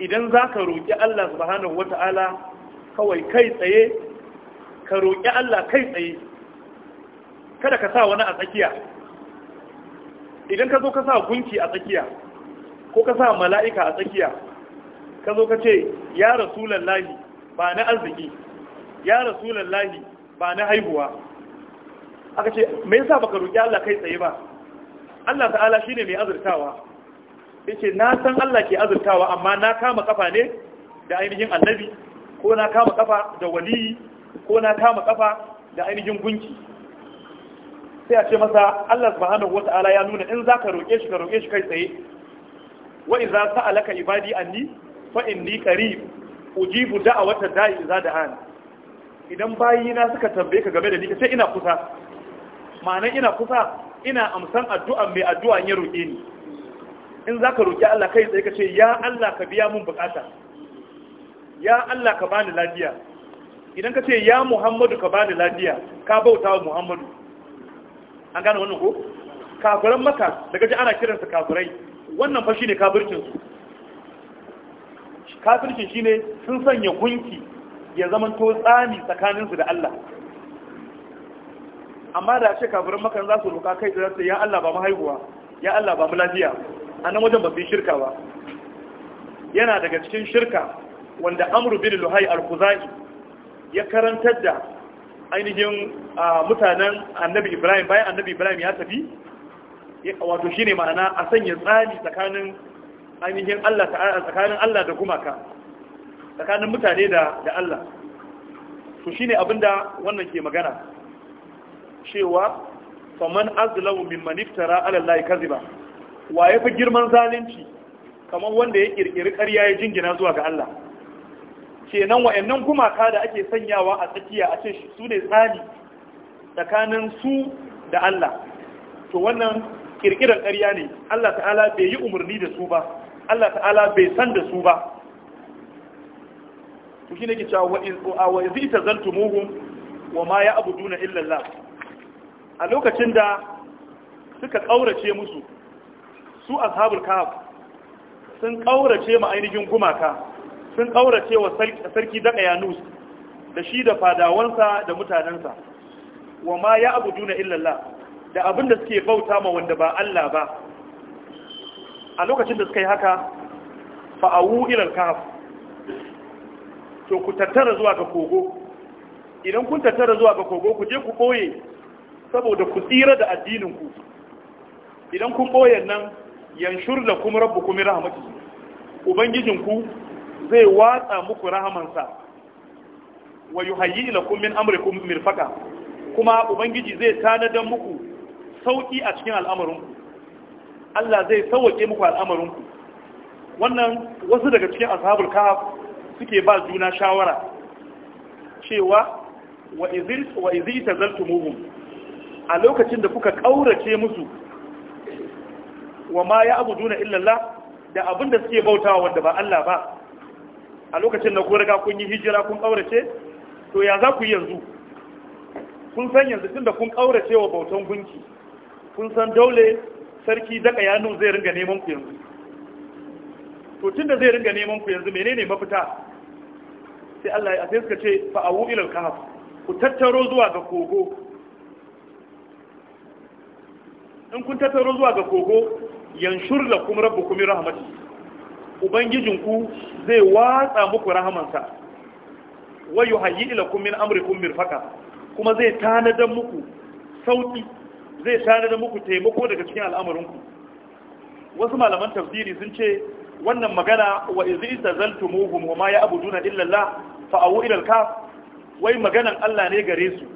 idan zaka roki Allah subhanahu wata'ala kawai kai tsaye ka roki Allah kai tsaye kada ka sa wani a tsakiya idan ka zo ka sa gunki a tsakiya ko ka sa mala'ika a tsakiya ka zo ka ce ya rasulan lahi ba na arziki ya rasulan lahi ba na haihuwa aka ce me yasa baka roƙi Allah kai tsaye ba Allah ta'ala shine mai azurtawa yace na san Allah ke azurtawa amma na kama kafa ne da ainihin annabi ko na kama kafa da waliyi ko na kama kafa da ainihin gunki sai a ce masa Allah subhanahu wata'ala ya nuna in zaka roƙe shi ka roƙe shi kai tsaye wa idza sa'alaka ibadi anni fa inni qarib ujibu da'wata da'i idza da'an idan bayina suka tambaye ka game da ni sai ina kusa ma'ana ina kusa ina amsan addu'a mai addu'a ya roƙe ni in zaka roƙe Allah kai tsaye ka ce ya Allah ka biya mun bukata ya Allah ka bani lafiya idan ka ce ya Muhammadu ka bani lafiya ka bauta Muhammadu an gane wannan ko kafiran maka daga ji ana kiransa kafirai wannan fa shine kafircinsu kafircin shine sun sanya gunki ya zama to tsani tsakaninsu da Allah amma da ce kafiran maka za su roka kai da ya Allah ba mu haihuwa ya Allah ba mu lafiya a nan wajen ba su shirka ba yana daga cikin shirka wanda amru bin luhai al-khuzai ya karantar da ainihin mutanen annabi ibrahim bayan annabi ibrahim ya tafi wato shine ma'ana a sanya tsari tsakanin ainihin allah tsakanin allah da gumaka tsakanin mutane da allah to shine abinda wannan ke magana cewa faman azlamu min maniftara ala kaziba wa ya fi girman zalunci kamar wanda ya kirkiri karya ya jingina zuwa ga allah kenan wa'annan gumaka da ake sanyawa a tsakiya a ce su ne tsani tsakanin su da Allah to wannan ƙirƙirar ƙarya ne Allah ta'ala bai yi umarni da su ba Allah ta'ala bai san da su ba to shine ke cewa wa izi tazaltumuhum wa ma abu duna illallah. a lokacin da suka ƙaurace musu su ashabul kahf sun ƙaurace ma ainihin gumaka sun ƙaurace wa sarki daga yanus da shi da fadawansa da mutanensa wa ma ya abu juna illallah da abin da suke bauta ma wanda ba Allah ba a lokacin da suka yi haka fa'awu ilal kaf to ku tattara zuwa ga kogo idan kun tattara zuwa ga kogo ku je ku ɓoye saboda ku tsira da addininku idan kun ɓoye nan yanshur da kuma rabbu kuma rahmatu ubangijinku zai watsa muku rahamansa wa yuhayyi lakum min amrikum mirfaqa kuma ubangiji zai tanadan muku sauƙi a cikin al'amarinku Allah zai sauke muku al'amarinku wannan wasu daga cikin ashabul kahf suke ba juna shawara cewa wa ta wa zaltumuhum a lokacin da kuka kaurace musu wa ma ya abuduna illallah da abinda suke bautawa wanda ba Allah ba a lokacin da kun kun yi hijira kun ƙaurace to ya za ku yi yanzu kun san yanzu tun da kun ƙaurace wa bautan gunki kun san daule sarki daga yanu zai ringa neman ku yanzu to tun da zai ringa neman ku yanzu menene mafita sai Allah ya sai suka ce fa awu al kahf ku tattaro zuwa ga kogo in kun tattaro zuwa ga kogo yanshur lakum rabbukum rahmatihi ubangijinku zai watsa muku rahamansa wai hayyi ilakum min amrikum mirfaqa kuma zai tanadar muku sauki zai tanadar muku taimako daga cikin al'amarinku wasu malaman tafsiri sun ce wannan magana wa izi tazaltumuhum wa ma ya abu juna, illallah, awu ila kaf wai maganan Allah ne gare su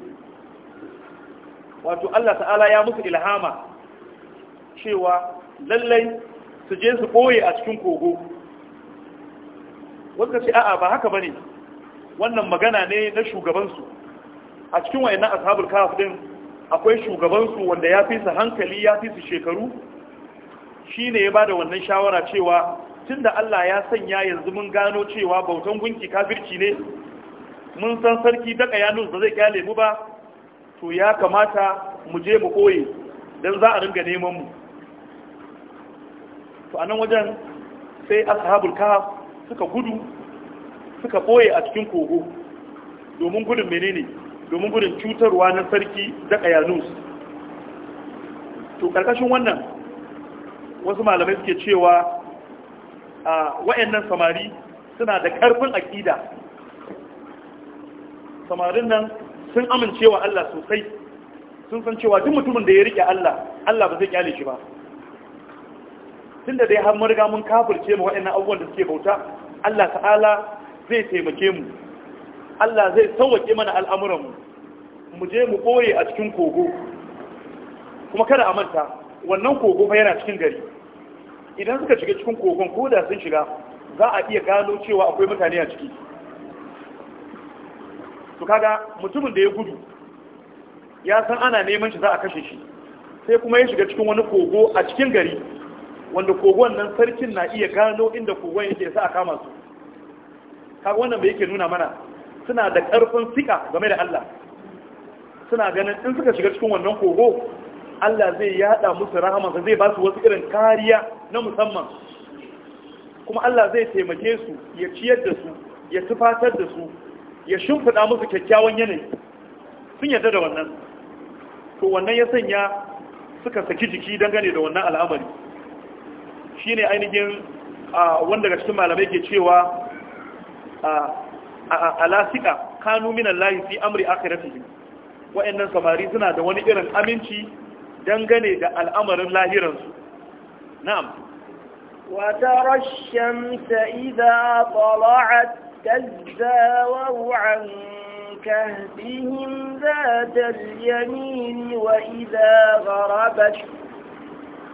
wato Allah ta'ala ya musu ilhama cewa lallai su je su ɓoye a cikin kogo wanda ce a'a ba haka bane wannan magana ne na shugabansu a cikin wayannan ashabul kahf din akwai shugabansu wanda ya fi su hankali ya fi su shekaru shine ya da wannan shawara cewa tunda Allah ya sanya yanzu mun gano cewa bautan gunki kafirci ne mun san sarki daga yanus ba zai kyale mu ba to ya kamata mu je mu koye dan za a ringa neman mu to a wajen sai ashabul kahf suka gudu suka boye a cikin kogo domin gudun menene domin gudun cutarwa na sarki da kayanus to karkashin wannan wasu malamai suke cewa a wayannan samari suna da karfin aƙida samarin nan sun amincewa Allah sosai sun san cewa duk mutumin da ya rike Allah Allah ba zai kyale shi ba tun da dai har marga riga mun kafirce mu waɗannan abubuwan da suke bauta Allah ta'ala zai taimake mu Allah zai sauwake mana al'amuranmu mu je mu ɓoye a cikin kogo kuma kada a manta wannan kogo fa yana cikin gari idan suka shiga cikin kogon ko da sun shiga za a iya gano cewa akwai mutane a ciki to kaga mutumin da ya gudu ya san ana neman shi za a kashe shi sai kuma ya shiga cikin wani kogo a cikin gari wanda kogon nan sarkin na iya gano inda kogon yake sa a kama su kaga wannan bai yake nuna mana suna da ƙarfin sika game da Allah suna ganin in suka shiga cikin wannan kogo Allah zai yada musu rahamansa zai ba su wasu irin kariya na musamman kuma Allah zai taimake su ya ciyar da su ya tufatar da su ya shimfiɗa musu kyakkyawan yanayi sun yarda da wannan to wannan ya sanya suka saki jiki dangane da wannan al'amari Shi ne ainihin wanda ga cikin malamai ke cewa alasika kanu minan layi fi amri akhiratihi wa'annan samari suna da wani irin aminci dangane da al'amarin lahiransu na'am wa tara ash-shamsa idha tala'at tazawaru an kahbihim ذات اليمين وإذا غربت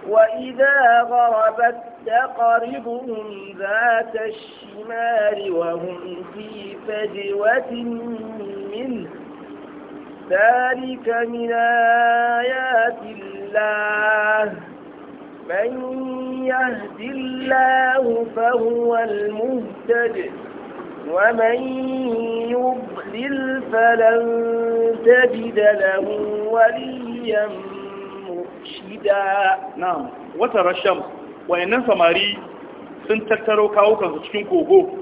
وإذا غربت تقربهم ذات الشمال وهم في فجوة منه ذلك من آيات الله من يهد الله فهو المهتد ومن يضلل فلن تجد له وليا بعيدا نعم وترى الشمس وإنن samari sun tattaro kawukansu cikin kogo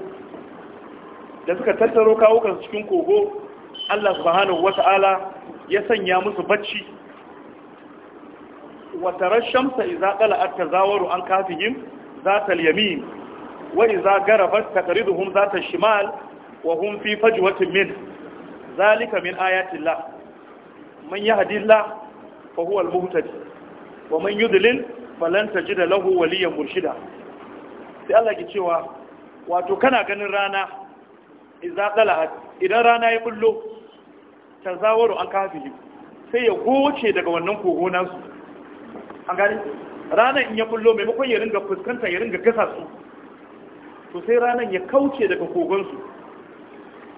da suka tattaro kawukansu cikin kogo Allah subhanahu wata'ala ya sanya musu bacci Wata shamsa iza ɗala'ar ta zawaru an kafihim za ta yamin wa iza garabat ta ƙariduhun za ta shimal wa hum fi fajwatin min zalika min ayatillah man yi hadillah fa huwa al-muhtadi wa man yudlil falan tajida lahu waliyan murshida sai Allah ke cewa wato kana ganin rana idza talahat idan rana ya bullo tazawaru an kafihi sai ya goce daga wannan kogo su an gani rana in ya bullo maimakon ya ringa fuskanta ya ringa gasa su to sai ranar ya kauce daga kogonsu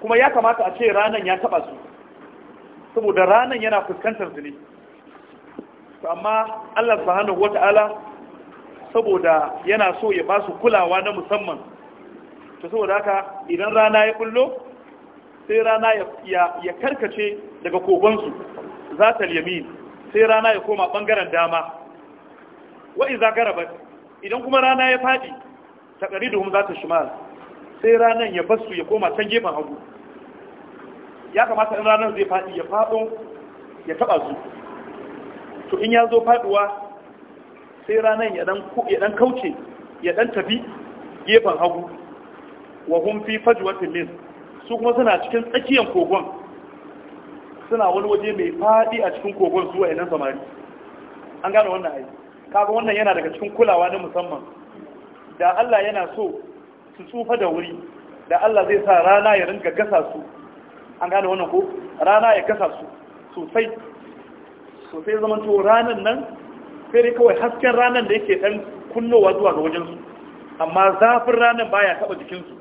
kuma ya kamata a ce ranan ya taba su saboda ranan yana fuskantar su ne to amma Allah subhanahu wata'ala saboda yana so ya ba su kulawa na musamman to saboda haka idan rana ya kullo sai rana ya karkace daga kogon za ta yamin sai rana ya koma bangaren dama wa iza garabat idan kuma rana ya fadi ta da za ta shimal sai ranan ya basu ya koma can gefen hagu ya kamata in rana zai fadi ya fado ya taba su to in ya zo faduwa sai ranar ya dan kauce ya dan tafi gefen hagu wa hum fi lin su kuma suna cikin tsakiyar kogon suna wani waje mai fadi a cikin kogon zuwa yanan samari an gane wannan ai kaga wannan yana daga cikin kulawa na musamman da Allah yana so su tsufa da wuri da Allah zai sa rana ya ringa gasa su an gane wannan ko rana ya gasa su sosai Sosai sai zaman to ranar nan sai dai kawai hasken ranar da yake dan kunnowa zuwa ga wajensu amma zafin ranar baya taba jikinsu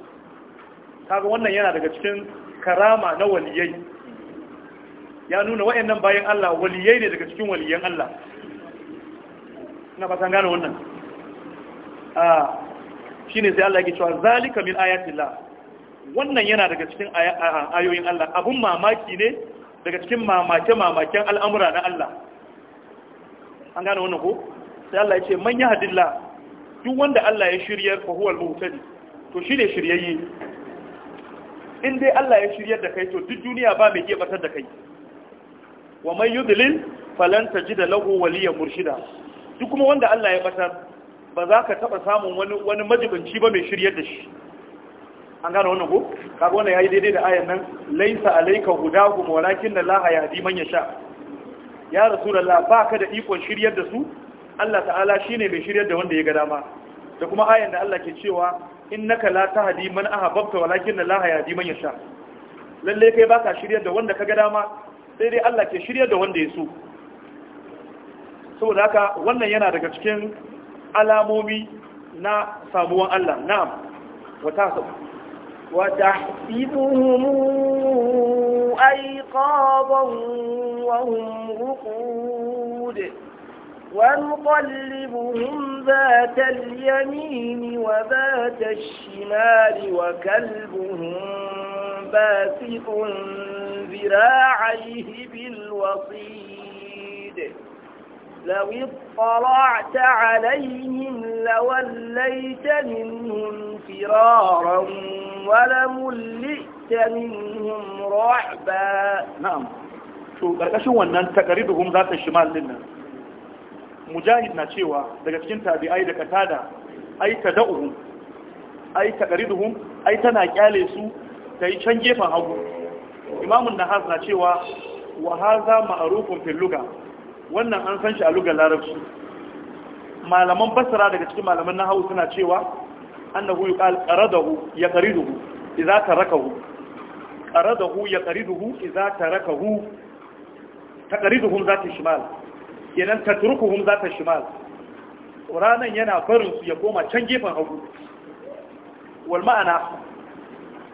kaga wannan yana daga cikin karama na waliyai ya nuna wayannan bayan Allah waliyai ne daga cikin waliyan Allah ina san gane wannan a shine sai Allah yake cewa zalika min ayatillah wannan yana daga cikin ayoyin Allah abun mamaki ne daga cikin mamake-mamaken al'amura na Allah an gane wani ko sai Allah ya ce man hadilla? duk wanda Allah ya shiryar fa huwal muhtadi to ne shiryayye in dai Allah ya shiryar da kai to duk duniya ba mai gebatar da kai wa dalil falanta ji da lagu waliyan murshida duk kuma wanda Allah ya batar ba za ka taba samun wani majibanci ba mai shiryar da shi an gane wannan ko kaga wannan yayi daidai da ayan nan laisa alayka hudahum walakin ya yahdi man yasha ya rasulullah baka da ikon shiryar da su Allah ta'ala shine mai shiryar da wanda ya ga dama da kuma ayan da Allah ke cewa innaka la tahdi man ahbabta walakin ya yahdi man yasha lalle kai baka shiryar da wanda ka ga dama sai dai Allah ke shiryar da wanda ya so saboda haka wannan yana daga cikin alamomi na samuwan Allah na'am wata sabu وتحسبهم أيقاظا وهم رقود ونقلبهم ذات اليمين وذات الشمال وكلبهم باسط ذراعيه بالوصيد لو اطلعت عليهم لوليت منهم فرارا ولملئت منهم رعبا نعم to karkashin wannan takariduhum za ta shimal din nan mujahid na cewa daga cikin tabi'ai da katada ai tada'uhum ai takariduhum ai tana ƙyale su ta yi can gefen hagu imamun nahas na cewa wa haza ma'arufun wannan an san shi a lugar larabci malaman basara daga cikin malaman na hau suna cewa annahu da hu ya da hu, raka hu. idza da hu ya da hu, hu. raka Ta qariduhu idza tarakahu taqriduhum zati shimal kenan tatrukuhum zati shimal ranan yana barin su ya koma can gefen hagu wal ma'ana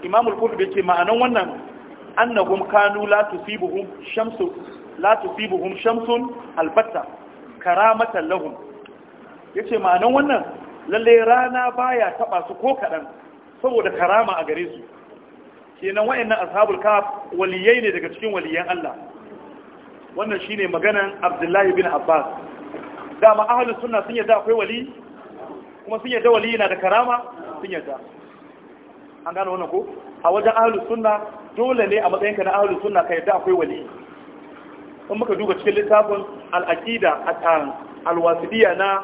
imam al-qurtubi ce ma'anan wannan annahum kanu la tusibuhum shamsu la tusibuhum shamsun albatta karamatan lahum yace ma'anan wannan lalle rana baya taba su ko kadan saboda karama a gare su kenan wayannan ashabul kaf waliyai ne daga cikin waliyan Allah wannan shine maganan Abdullahi bin Abbas dama ahlus sunna sun yadda akwai wali kuma sun yadda wali yana da karama sun yadda an gano wannan ko a wajen ahlus sunna dole ne a matsayinka na ahlus sunna ka yadda akwai wali in muka duba cikin littafin a alwasidiya na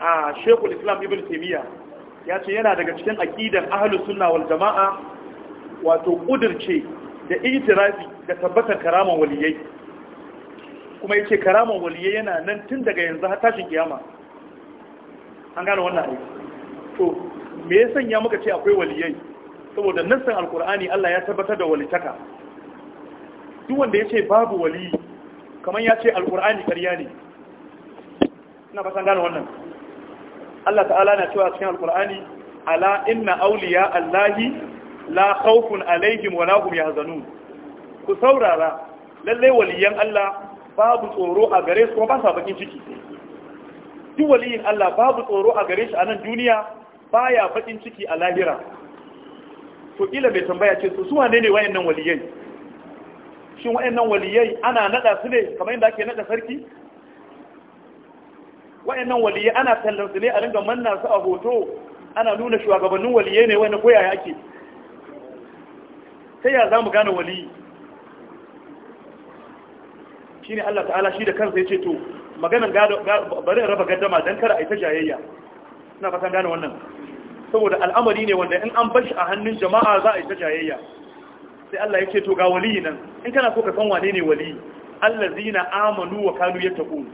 a shekul islam ibn taimiyya ya ce yana daga cikin aƙidan ahalus sunna wal jama'a wato ƙudurce da itirafi da tabbatar karaman waliyai kuma ya ce karaman waliyai yana nan tun daga yanzu har tashin kiyama an gane wannan aiki to me ya sanya muka ce akwai waliyai saboda nassan alkur'ani Allah ya tabbatar da walitaka duk wanda ya ce babu wali kamar ya ce alkur'ani karya ne ina ba san gane wannan Allah ta'ala na cewa cikin alkur'ani ala inna awliya allahi la khawfun alaihim wa lahum yahzanun ku saurara lalle waliyan Allah babu tsoro a gare su kuma ba sa bakin ciki duk waliyin Allah babu tsoro a gare shi a nan duniya baya bakin ciki a lahira to ila bai tambaya ce su su wane ne wayannan waliyai shin waɗannan waliyai ana naɗa su ne kamar yadda ake naɗa sarki waɗannan waliyai ana tallan su ne a ringa manna su a hoto ana nuna shugabannin waliyai ne wani koya ya ake sai ya za mu gane waliyi shi ne Allah ta'ala shi da kansa ya ce to maganin bari raba gaddama don kada a yi ta jayayya suna fatan gane wannan saboda al'amari ne wanda in an bashi a hannun jama'a za a yi ta jayayya sai Allah ya ce to ga wali nan in kana so ka san wane ne wali allazina amanu wa kanu yattaqun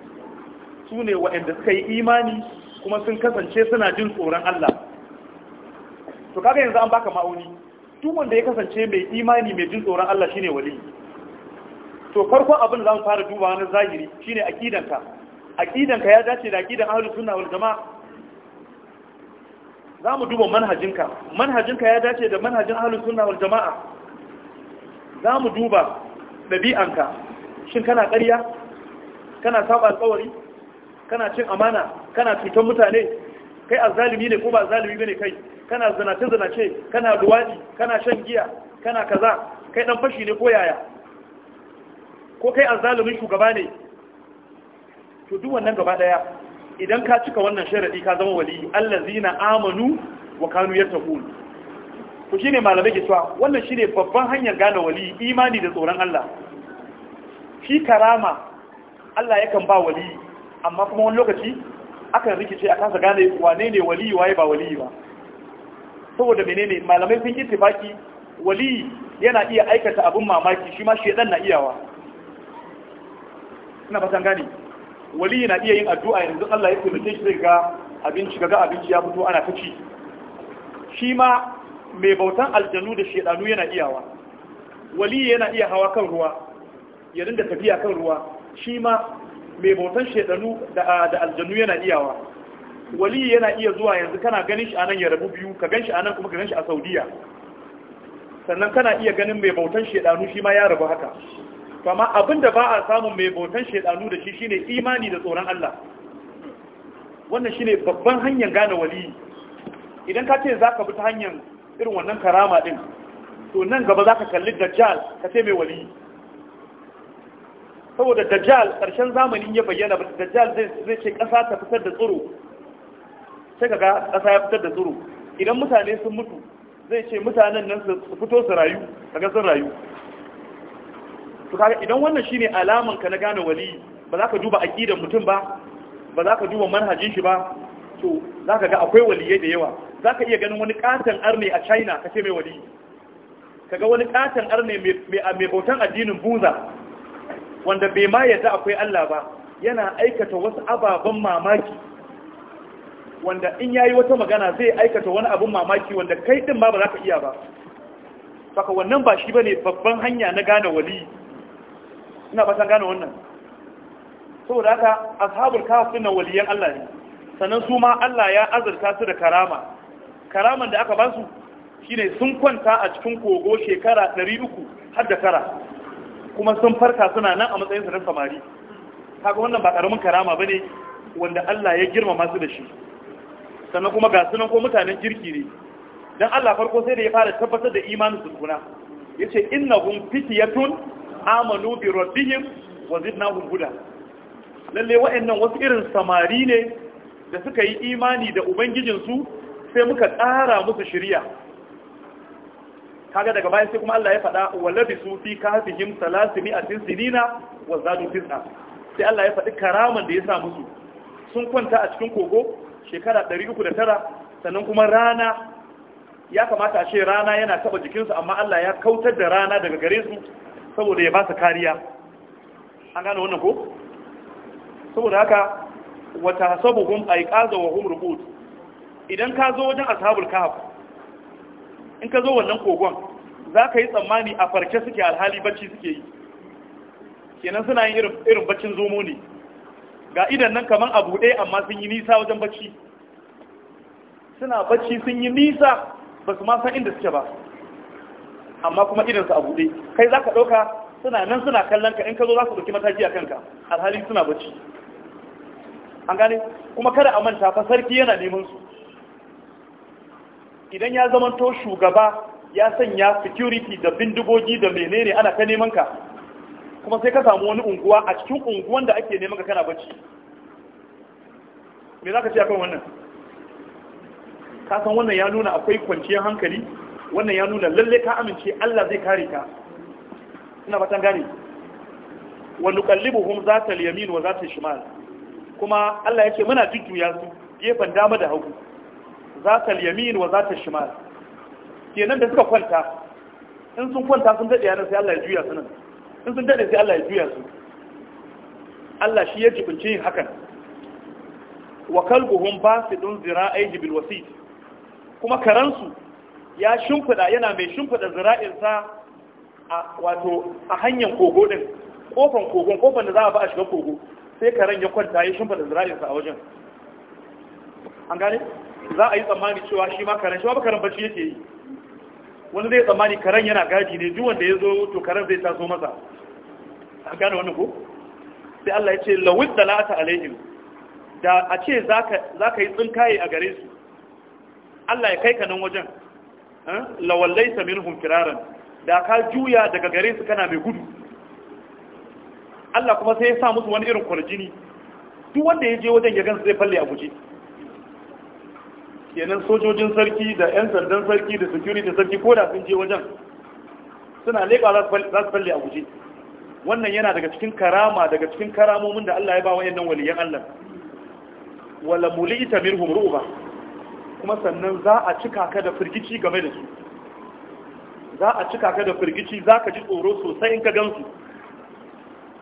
su ne waɗanda suka yi imani kuma sun kasance suna jin tsoron Allah to kaga yanzu an baka ma'auni duk wanda ya kasance mai imani mai jin tsoron Allah shine wali, to farkon abin da mu fara duba na zahiri shine aqidanka aqidanka ya dace da aqidan ahlu sunna wal jamaa zamu duba manhajinka manhajinka ya dace da manhajin ahlu sunna wal jamaa za mu duba ɗabi'anka shin kana ƙarya kana saba alƙawari kana cin amana kana cutar mutane kai zalimi ne ko ba zalimi bane kai kana zanace zanace kana duwadi kana shan giya kana kaza kai ɗan fashi ne ko yaya ko kai zalimin shugaba ne to duk wannan gaba ɗaya idan ka cika wannan sharaɗi ka zama wali allazina amanu wa kanu yattaqun shi shine malamai ke cewa wannan shine babban hanyar gane wali imani da tsoron Allah shi karama Allah yakan ba wali amma kuma wani lokaci akan rikice a kasa gane wane ne wali waye ba wali ba saboda menene malamai sun tafaki wali yana iya aikata abin mamaki shi ma shedan na iyawa ina san gane wali na iya yin addu'a yanzu Allah ya taimake shi zai ga abinci ga abinci ya fito ana ta ci shi ma mai bautan aljanu da shedanu yana iyawa wali yana iya hawa kan ruwa yadin da tafiya kan ruwa shi ma mai bautan shedanu da aljanu yana iyawa wali yana iya zuwa yanzu kana ganin shi anan ya rabu biyu ka gan shi anan kuma ka gan shi a saudiya sannan kana iya ganin mai bautan shedanu shi ma ya rabu haka kama abinda ba a samun mai bautan shedanu da shi shine imani da tsoron Allah wannan shine babban hanyar gane wali idan ka ce za ka bi ta hanyar irin wannan karama din to nan gaba za ka kalli dajjal ka ce mai wali saboda dajjal ƙarshen zamanin ya bayyana ba dajjal zai ce ƙasa ta fitar da tsoro sai ka ga ya fitar da tsoro idan mutane sun mutu zai ce mutanen nan su fito su rayu daga sun rayu kaga idan wannan shine alaman ka na gane wali ba za ka duba aƙidan mutum ba ba za ka duba manhajin shi ba to za ka ga akwai waliyai da yawa za ka iya ganin wani katon arne a china ka ce mai wali ka ga wani katon arne mai bautan addinin buza wanda bai ma yadda akwai allah ba yana aikata wasu ababen mamaki wanda in ya yi wata magana zai aikata wani abin mamaki wanda kai din ma ba za ka iya ba saka wannan ba shi ba ne babban hanya na gane wali ina ba san gane wannan saboda haka ashabul kafin na waliyan Allah ne sannan su ma Allah ya azurta su da karama karaman da aka ba su shine sun kwanta a cikin kogo shekara 300 har da tara kuma sun farka suna nan a matsayin na samari kaga wannan ba karamin karama bane wanda Allah ya girmama su da shi sannan kuma ga sunan ko mutanen kirki ne dan Allah farko sai da ya fara tabbatar da imanin su kuna yace innahum fitiyatun amanu bi rabbihim wa zidnahum huda lalle wa'annan wasu irin samari ne da suka yi imani da ubangijinsu sai muka tsara musu shirya kaga daga bayan sai kuma Allah ya faɗa wallabi su fi kafihim salasimi a sinina wa zadu tis'a sai Allah ya faɗi karaman da ya sa musu sun kwanta a cikin kogo shekara 309 sannan kuma rana ya kamata a ce rana yana taba jikinsu amma Allah ya kautar da rana daga gare su saboda ya ba su kariya an gane wannan ko saboda haka a yi ayqaza wa hun rubud idan ka zo wajen ashabul kahf in ka zo wannan kogon za ka yi tsammani a farke suke alhali bacci suke yi kenan suna yin irin baccin zomo ne ga idan nan kamar a buɗe amma sun yi nisa wajen bacci suna bacci sun yi nisa ba su ma san inda suke ba amma kuma su a buɗe kai za ka ɗauka suna nan suna kallon ka in ka zo za su ɗauki mataki a kanka alhali suna bacci an gane kuma kada a manta fa sarki yana neman su idan ya zamanto shugaba ya sanya security da bindigogi da menene ana ta neman ka kuma sai ka samu wani unguwa a cikin unguwan da ake neman ka kana bacci me za ka ce akan wannan ka san wannan ya nuna akwai kwanciyar hankali wannan ya nuna lalle ka amince Allah zai kare ka ina fatan gane wa nuqallibuhum zata al-yamin wa zata al-shimal kuma Allah ya ce muna jujjuya su gefen dama da hagu za ta yamin wa za ta shimal kenan da suka kwanta in sun kwanta sun daɗe yanar sai Allah ya juya su nan in sun daɗe sai Allah ya juya su Allah shi ya jibinci yin hakan wa kalbuhum basidun zira'aihi bil wasit kuma karansu ya shimfiɗa, yana mai shimfiɗa zira'insa a wato a hanyar kogo ɗin. kofan kogon kofan da za a ba a shiga kogo sai karen ya kwanta ya shimfa da zira'insa a wajen an gane za a yi tsammani cewa shi ma karen shi ba karen bacci yake yi wani zai tsammani karen yana gadi ne duk wanda ya zo to karen zai taso masa an gane wannan ko sai Allah ya ce lawid da la'ata alaihim da a ce za ka yi tsinkaye a gare su Allah ya kai ka nan wajen lawallai samin hun da ka juya daga gare su kana mai gudu Allah kuma sai ya sa musu wani irin kwarjini duk wanda ya je wajen ya gansu zai falle a guje kenan sojojin sarki da 'yan sandan sarki da security sarki ko da sun je wajen suna leƙa za su falle a guje wannan yana daga cikin karama daga cikin karamomin da Allah ya ba wayannan waliyan Allah wala mulita minhum ru'ba kuma sannan za a cika ka da firgici game da su za a cika ka da firgici zaka ji tsoro sosai in ka gansu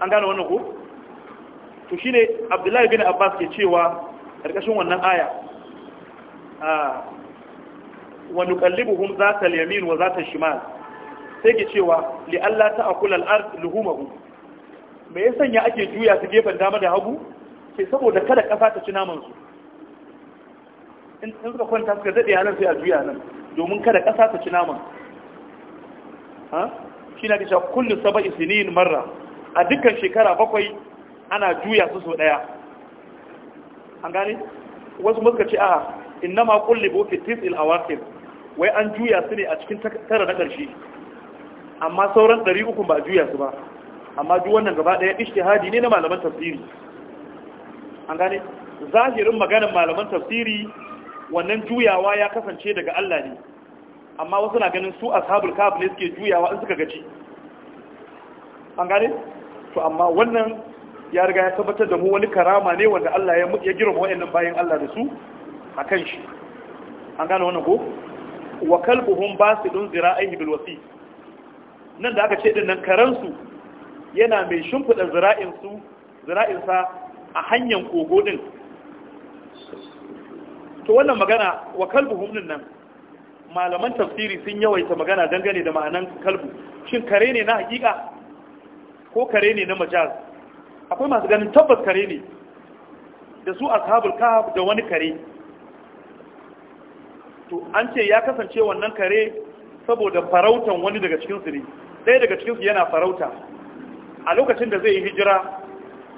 an gane wannan ko to shine abdullahi bin abbas ke cewa karkashin wannan aya ah, wa nuqallibuhum zata al-yamin wa zata shimal sai ke cewa li alla ta'kul al-ard luhumahum me ya sanya ake juya su gefen dama da hagu sai saboda kada kasa ta ci naman su in suka kwanta suka dade nan sai a juya nan domin kada kasa ta ci naman ha shi na kace kullu sab'i sinin marra a dukkan shekara bakwai ana juya su so daya an gane wasu muka ce a inna ma boke fi tis'il awakhir wai an juya su ne a cikin tara na karshe amma sauran 300 ba a juya su ba amma duk wannan gaba daya ijtihadi ne na malaman tafsiri an gane zahirin maganar malaman tafsiri wannan juyawa ya kasance daga Allah ne amma wasu na ganin su ashabul kaf ne suke juyawa in suka gaci an gane to amma wannan ya riga ya tabbatar da mu wani karama ne wanda Allah ya ya girma wayannan bayan Allah da su a kan shi an gane wannan ko wa kalbuhum basidun zira'ihi bil wasi nan da aka ce din nan karan su yana mai shimfida zira'in su zira'in sa a hanyar kogo din to wannan magana wa kalbuhum din nan malaman tafsiri sun yawaita magana dangane da ma'anan kalbu shin kare ne na hakika ko kare ne na majaz akwai masu ganin tabbas kare ne da su ashabul kahf da wani kare to an ce ya kasance wannan kare saboda farautan wani daga cikin su ne ɗaya daga cikin su yana farauta a lokacin da zai yi hijira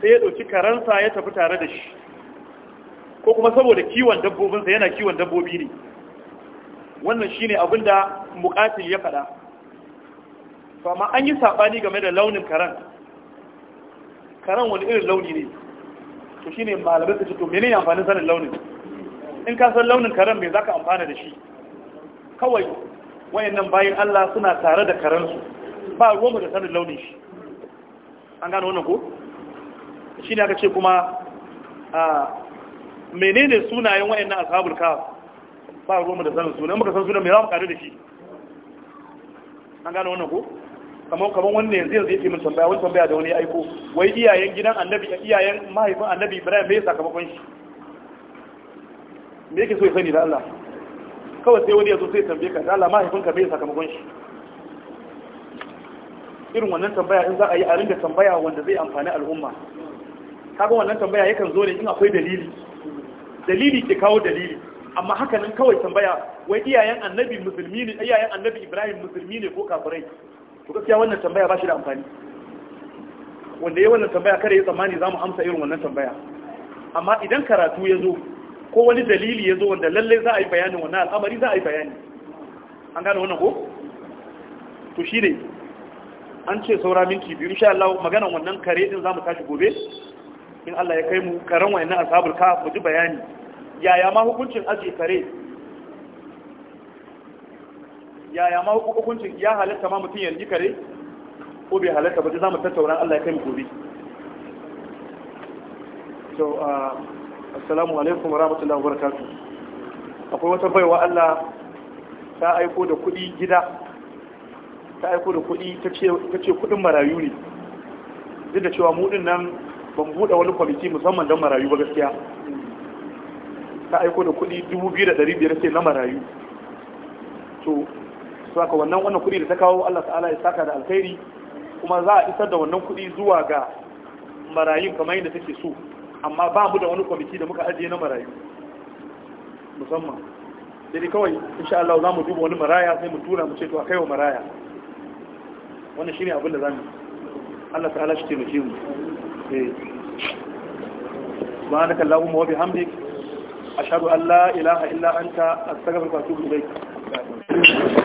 sai ya ɗauki karansa ya tafi tare da shi ko kuma saboda kiwon dabbobinsa yana kiwon dabbobi ne wannan shine abinda muqatil ya faɗa to amma an yi sabani game da launin karan karan wani irin launi ne to shine malamin su ce to menene amfanin sanin launin in ka san launin karan me zaka amfana da shi kawai wayannan bayin Allah suna tare da karan su ba ruwanmu da sanin launin shi an gano wannan ko Shi ne aka ce kuma a menene sunayen wayannan ashabul kahf ba ruwanmu da sanin sunan muka san sunan me za mu kare da shi an gano wannan ko kamar kamar wannan yanzu yanzu yake min tambaya wani tambaya da wani ya aiko wai iyayen gidan annabi iyayen mahaifin annabi ibrahim me sakamakon shi me yake so ya sani da Allah kawai sai wani ya zo sai tambaye ka da Allah mahaifinka me sakamakon shi irin wannan tambaya in za a yi a rinda tambaya wanda zai amfani al'umma kaga wannan tambaya yakan zo ne in akwai dalili dalili ke kawo dalili amma haka nan kawai tambaya wai iyayen annabi musulmi ne iyayen annabi ibrahim musulmi ne ko kafirai to gaskiya wannan tambaya ba shi da amfani wanda ya wannan tambaya kada ya tsammani za mu amsa irin wannan tambaya amma idan karatu ya zo ko wani dalili ya zo wanda lallai za a yi bayanin wannan al'amari za a yi bayani an gane wannan ko to shi ne an ce saura minti biyu insha Allah maganar wannan kare din mu tashi gobe in Allah ya kai mu karan wayannan ashabul ka mu ji bayani yaya ma hukuncin aje kare yaya ma hukuncin ya halatta ma mutum yanzu kare ko bai halatta ba za mu tattauna Allah ya kai mu gobe to assalamu alaikum wa rahmatullahi wa barakatuh akwai wata baiwa Allah ta aiko da kuɗi gida ta aiko da kuɗi ta ce kuɗin marayu ne duk da cewa mu din nan ban buɗe wani kwamiti musamman don marayu ba gaskiya ta aiko da kuɗi dubu biyu da biyar sai na marayu to saka wannan wannan kuɗi da ta kawo Allah ta'ala ya saka da alkhairi kuma za a isar da wannan kuɗi zuwa ga marayu kamar yadda take so amma ba mu da wani kwamiti da muka ajiye na marayu musamman sai kawai insha Allah za mu duba wani maraya sai mu tura mu ce to a kaiwa maraya wannan shine abin da za mu Allah ta'ala shi taimake mu eh subhanaka allahumma wa bihamdik ashhadu an la ilaha illa anta astaghfiruka wa atubu ilayk